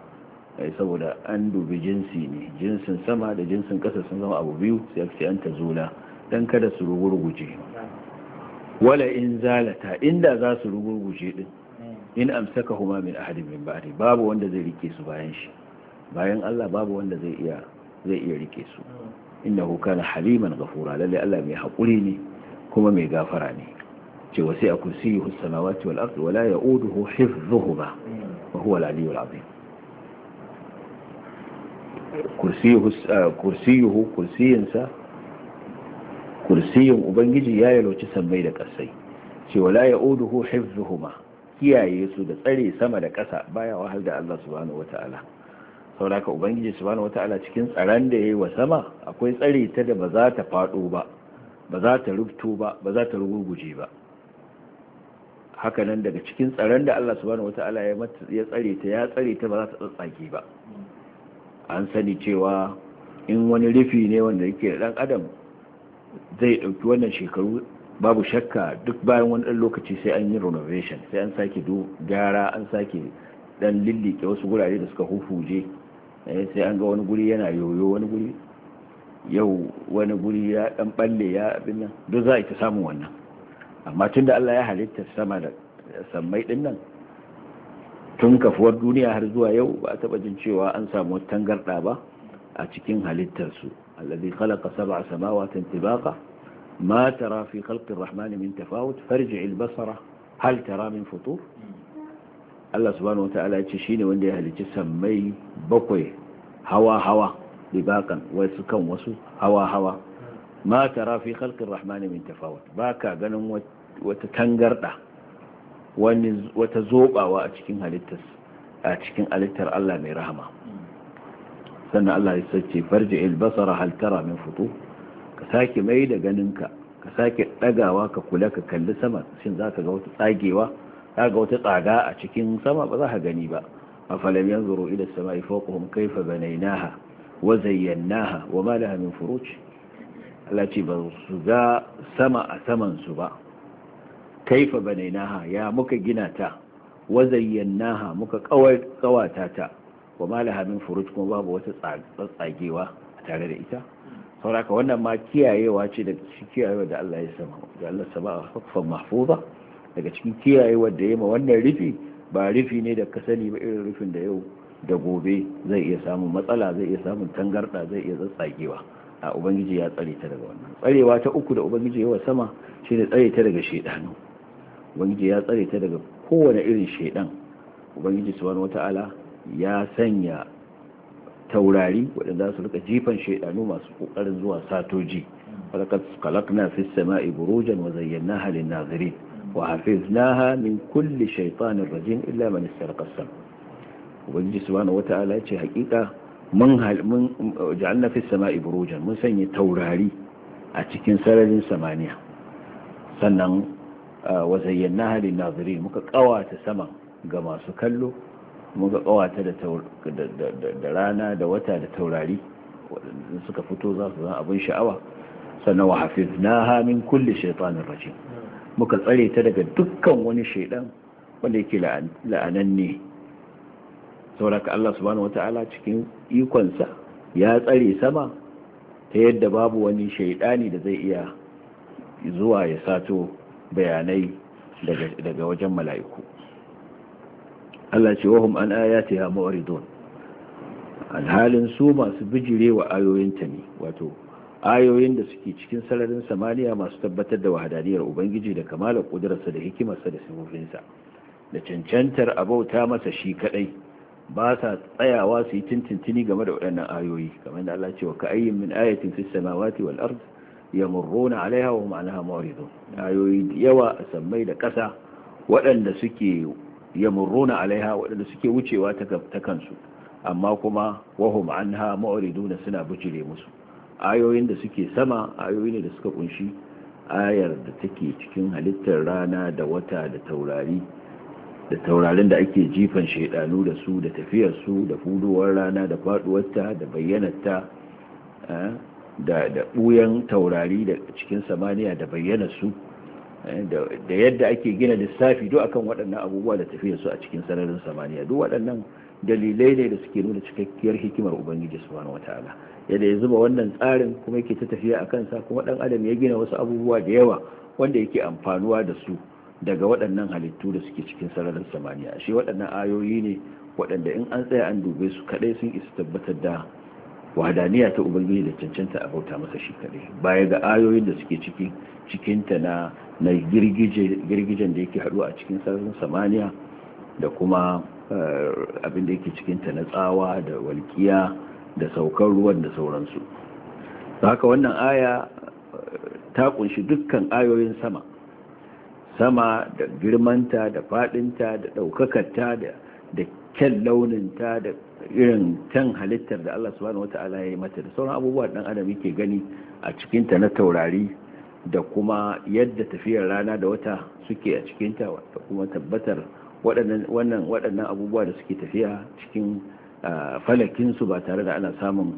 saboda an dubi jinsi ne jinsin sama da jinsin kasa sun zama abu biyu sai aka ce an tazula dan kada su rugurguje wala in zalata inda za su rugurguje din in amsaka huma min ahadin min ba'di babu wanda zai rike su bayan shi bayan Allah babu wanda zai iya zai iya rike su innahu kana haliman ghafura lalle Allah mai hakuri ne kuma mai gafara ne ce sai a kursiyyu samawati wal ardi wala ya'uduhu hifdhuhuma wa huwa al aliyyul azim kursiyyu eh, kursiyyu kursiyinsa kursiyin ubangiji ya yaloci sammai da ƙasai ce wala ya'uduhu hifzuhuma kiyaye su da tsare sama da ƙasa baya wahal da Allah subhanahu wataala sauraka ubangiji subhanahu wata'ala cikin tsaron da yayi wa sama akwai tsare ta da ba za ta fado ba ba za ta rubto ba ba za ta ruguje ba hakanan daga cikin tsaron da Allah subhanahu wata'ala ya ya tsare ta ya tsare ta ba za ta tsatsage ba an sani cewa in wani rufi ne wanda yake da dan adam zai dauki wannan shekaru babu shakka duk bayan wani dan lokaci sai an yi renovation sai an sake gyara an sake dan lillike wasu gurare da suka hufuje Eh, sai an ga wani guri yana yoyo wani guri yau wani guri ya dan balle ya abin nan duk za a samun wannan amma tun da Allah ya halitta sama da sammai din nan tun kafuwar duniya har zuwa yau ba a taba jin cewa an samu tangarda ba a cikin halittarsu alladhi khalaqa sab'a samawati tibaqa ma tara fi khalqi ar-rahmani min tafawut farji basara hal tara min futur Allah subhanahu wata'ala ya ce shine wanda ya halicci sammai bakwai hawa hawa libakan wasu kan wasu hawa hawa ma tara fi khalqir rahmani min ba baka ganin wata tangarda wata zobawa a cikin halittar a cikin halittar Allah mai rahama sannan Allah ya sace farji albasara hal tara min futu ka sake mai da ganinka ka sake dagawa ka kula ka kalli sama shin zaka ga wata tsagewa kaga wata tsada a cikin sama ba za ka gani ba afalam yanzuru ila samai fawqahum kayfa banaynaha wa zayyanaha wa ma laha min furuj Allah ce ba su ga sama a saman su ba kaifa banaynaha ya muka gina ta wa zayyanaha muka kawata ta wa ma laha min furuj kuma babu wata a tare da ita sauraka wannan ma kiyayewa ce da kiyayewa da Allah ya sama da Allah sama a mahfuza daga cikin kiyaye wanda ya ma wannan rufi ba rufi ne da kasali ba irin rufin da yau da gobe zai iya samun matsala zai iya samun tangarda zai iya tsatsagewa a ubangiji ya tsare ta daga wannan tsarewa ta uku da ubangiji yawa sama shi ne tsare ta daga shaidanu ubangiji ya tsare ta daga kowane irin shaidan ubangiji subhanahu wata'ala ya sanya taurari waɗanda su rika jifan shaidanu masu kokarin zuwa satoji falakat kalakna fi sama'i burujan wa zayyanaha halin nazirin وحفظناها من كل شيطان رجيم إلا من استرق السمع وبنجي سبحانه وتعالى يتي حقيقة من, هل من جعلنا في السماء بروجا من سنة توراري أتكين سرد سمانية سنة وزيناها للناظرين مكا قوات سما كما سكلو muka kawata da rana da wata da taurari waɗanda suka fito za su zan abin sha'awa sannan wa hafiz na hamin kulle shaitanin rajin muka tsare ta daga dukkan wani shaidan wanda yake la'ananne sauraka Allah subhanahu wata'ala cikin ikonsa ya tsare sama ta yadda babu wani shaidani da zai iya zuwa ya sato bayanai daga wajen mala'iku Allah ce wahum an ayatiha ma'aridon alhalin su masu bijirewa ayoyinta ne wato ayoyin da suke cikin sararin samaniya masu tabbatar da wahadaniyar ubangiji da kamala kudurarsa da hikimarsa da sifofinsa da cancantar abauta masa shi kadai ba sa tsayawa su yi tintintini game da waɗannan ayoyi kamar da Allah ce wa ka'ayyin min ayatin fi samawati wal ard yamurruna alaiha wa hum anha muridun ayoyi yawa a sammai da ƙasa waɗanda suke yamurruna alaiha waɗanda suke wucewa ta kansu amma kuma wa hum anha muridun suna bujire musu ayoyin da suke sama ayoyi ne da suka kunshi ayar da take cikin halittar rana da wata da taurari da taurarin da ake jifan shaidanu da su da tafiyar su da fuduwar rana da faduwarta da bayyanarta eh, da da buyan taurari da cikin samaniya da su eh, da yadda ake gina lissafi duk akan waɗannan abubuwa da tafiyar su a cikin sararin samaniya duk waɗannan dalilai ne da suke nuna cikakkiyar hikimar ubangiji subhanahu wataala yadda ya zuba wannan tsarin kuma yake ta tafiya a kansa kuma dan adam ya gina wasu abubuwa da yawa wanda yake amfanuwa da su daga waɗannan halittu da suke cikin sararin samaniya shi waɗannan ayoyi ne waɗanda in an tsaya an dube su kaɗai sun isa tabbatar da wadaniya ta ubangiji da cancanta a bauta masa shi kaɗai baya ga ayoyin da suke cikin cikinta na na girgijen da yake haɗu a cikin sararin samaniya da kuma eh, abin da yake cikinta na tsawa da walƙiya da saukar ruwan da sauransu haka wannan aya ta kunshi dukkan ayoyin sama sama da girmanta da fadinta da daukakarta da da kyan launinta da irin can halittar da Allah subhanahu wata'ala ya yi mata da sauran abubuwa dan adam yake gani a cikinta na taurari da kuma yadda tafiyar rana da wata suke a cikinta da kuma tabbatar waɗannan abubuwa da suke tafiya cikin falakinsu ba tare da ana samun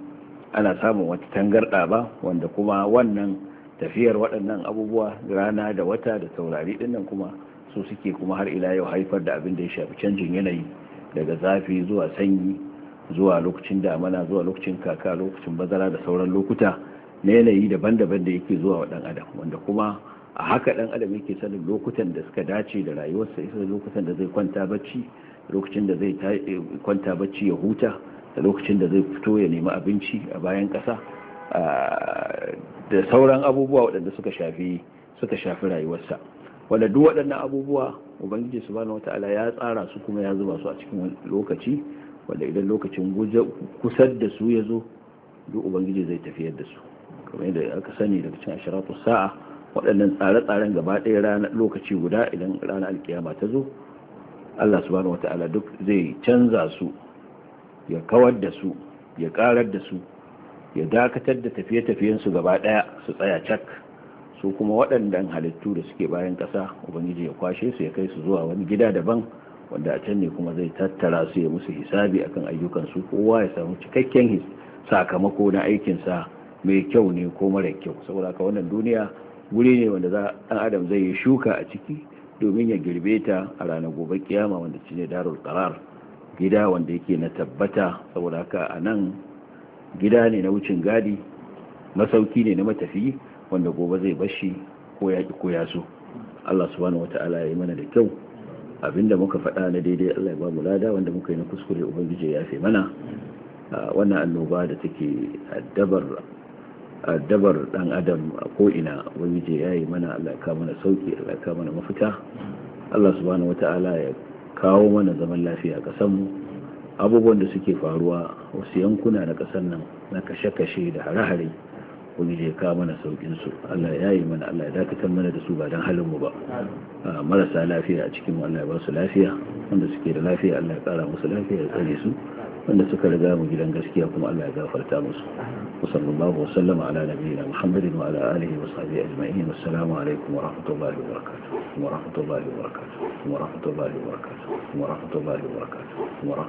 wata tangarɗa ba wanda kuma wannan tafiyar waɗannan abubuwa rana da wata da taurari dinnan kuma su suke kuma har ila yau haifar da abin da ya shafi canjin yanayi daga zafi zuwa sanyi zuwa lokacin damana zuwa lokacin kaka lokacin bazara da sauran lokuta na yanayi daban-daban da yake zuwa wa ɗan adam wanda kuma a haka ɗan adam yake sanin lokutan da suka dace da rayuwarsa isa lokutan da zai kwanta bacci lokacin da zai eh, kwanta bacci ya huta da lokacin da zai fito ya nemi abinci a bayan ƙasa da sauran abubuwa waɗanda suka shafi suka shafi rayuwarsa wanda duk waɗannan abubuwa ubangiji subhanahu wataala ya tsara su kuma ya zuba su a cikin lokaci wanda idan lokacin kusar da su ya zo duk ubangiji zai tafiyar da su kamar yadda aka sani daga cikin ashiratu sa'a waɗannan tsare-tsaren gaba ɗaya lokaci guda idan rana alkiyama ta zo Allah subhanahu wata'ala duk zai canza su ya kawar da su ya karar da su ya dakatar da tafiye-tafiyen su gaba daya su tsaya cak su kuma waɗannan halittu da suke bayan ƙasa ubangiji ya kwashe su ya kai su zuwa wani gida daban wanda a can ne kuma zai tattara su ya musu hisabi akan ayyukan su kowa ya samu cikakken sakamako na aikin sa mai kyau ne ko mara kyau saboda haka wannan duniya wuri ne wanda za adam zai yi shuka a ciki domin ya girbe ta a ranar gobe kiyama wanda shine darul karar gida wanda yake na tabbata saboda haka a nan gida ne na wucin gadi masauki ne na matafi wanda gobe zai bashi ko ya ko ya so Allah subhanahu wataala ya yi mana da kyau abinda muka faɗa na daidai Allah ya ba mu lada wanda muka yi na kuskure ubangiji ya fi mana wannan annoba da take addabar addabar dan adam a ko'ina je ya yi mana Allah ya mana sauki Allah mana mafita Allah subhanahu wata'ala ya kawo mana zaman lafiya a abubuwan da suke faruwa wasu yankuna na ƙasar nan na kashe-kashe da hare-hare ubangiji ya kawo mana saukin Allah ya yi mana Allah ya dakatar mana da su ba don halinmu ba marasa lafiya a cikin Allah ya ba su lafiya wanda suke da lafiya Allah ya kara musu lafiya ya tsare su wanda suka riga mu gidan gaskiya kuma Allah ya gafarta musu wa sallallahu wa sallama ala nabiyyina muhammadin wa ala alihi wa sahbihi ajma'in assalamu alaikum wa rahmatullahi wa barakatuh wa rahmatullahi wa barakatuh wa rahmatullahi wa barakatuh wa rahmatullahi wa barakatuh wa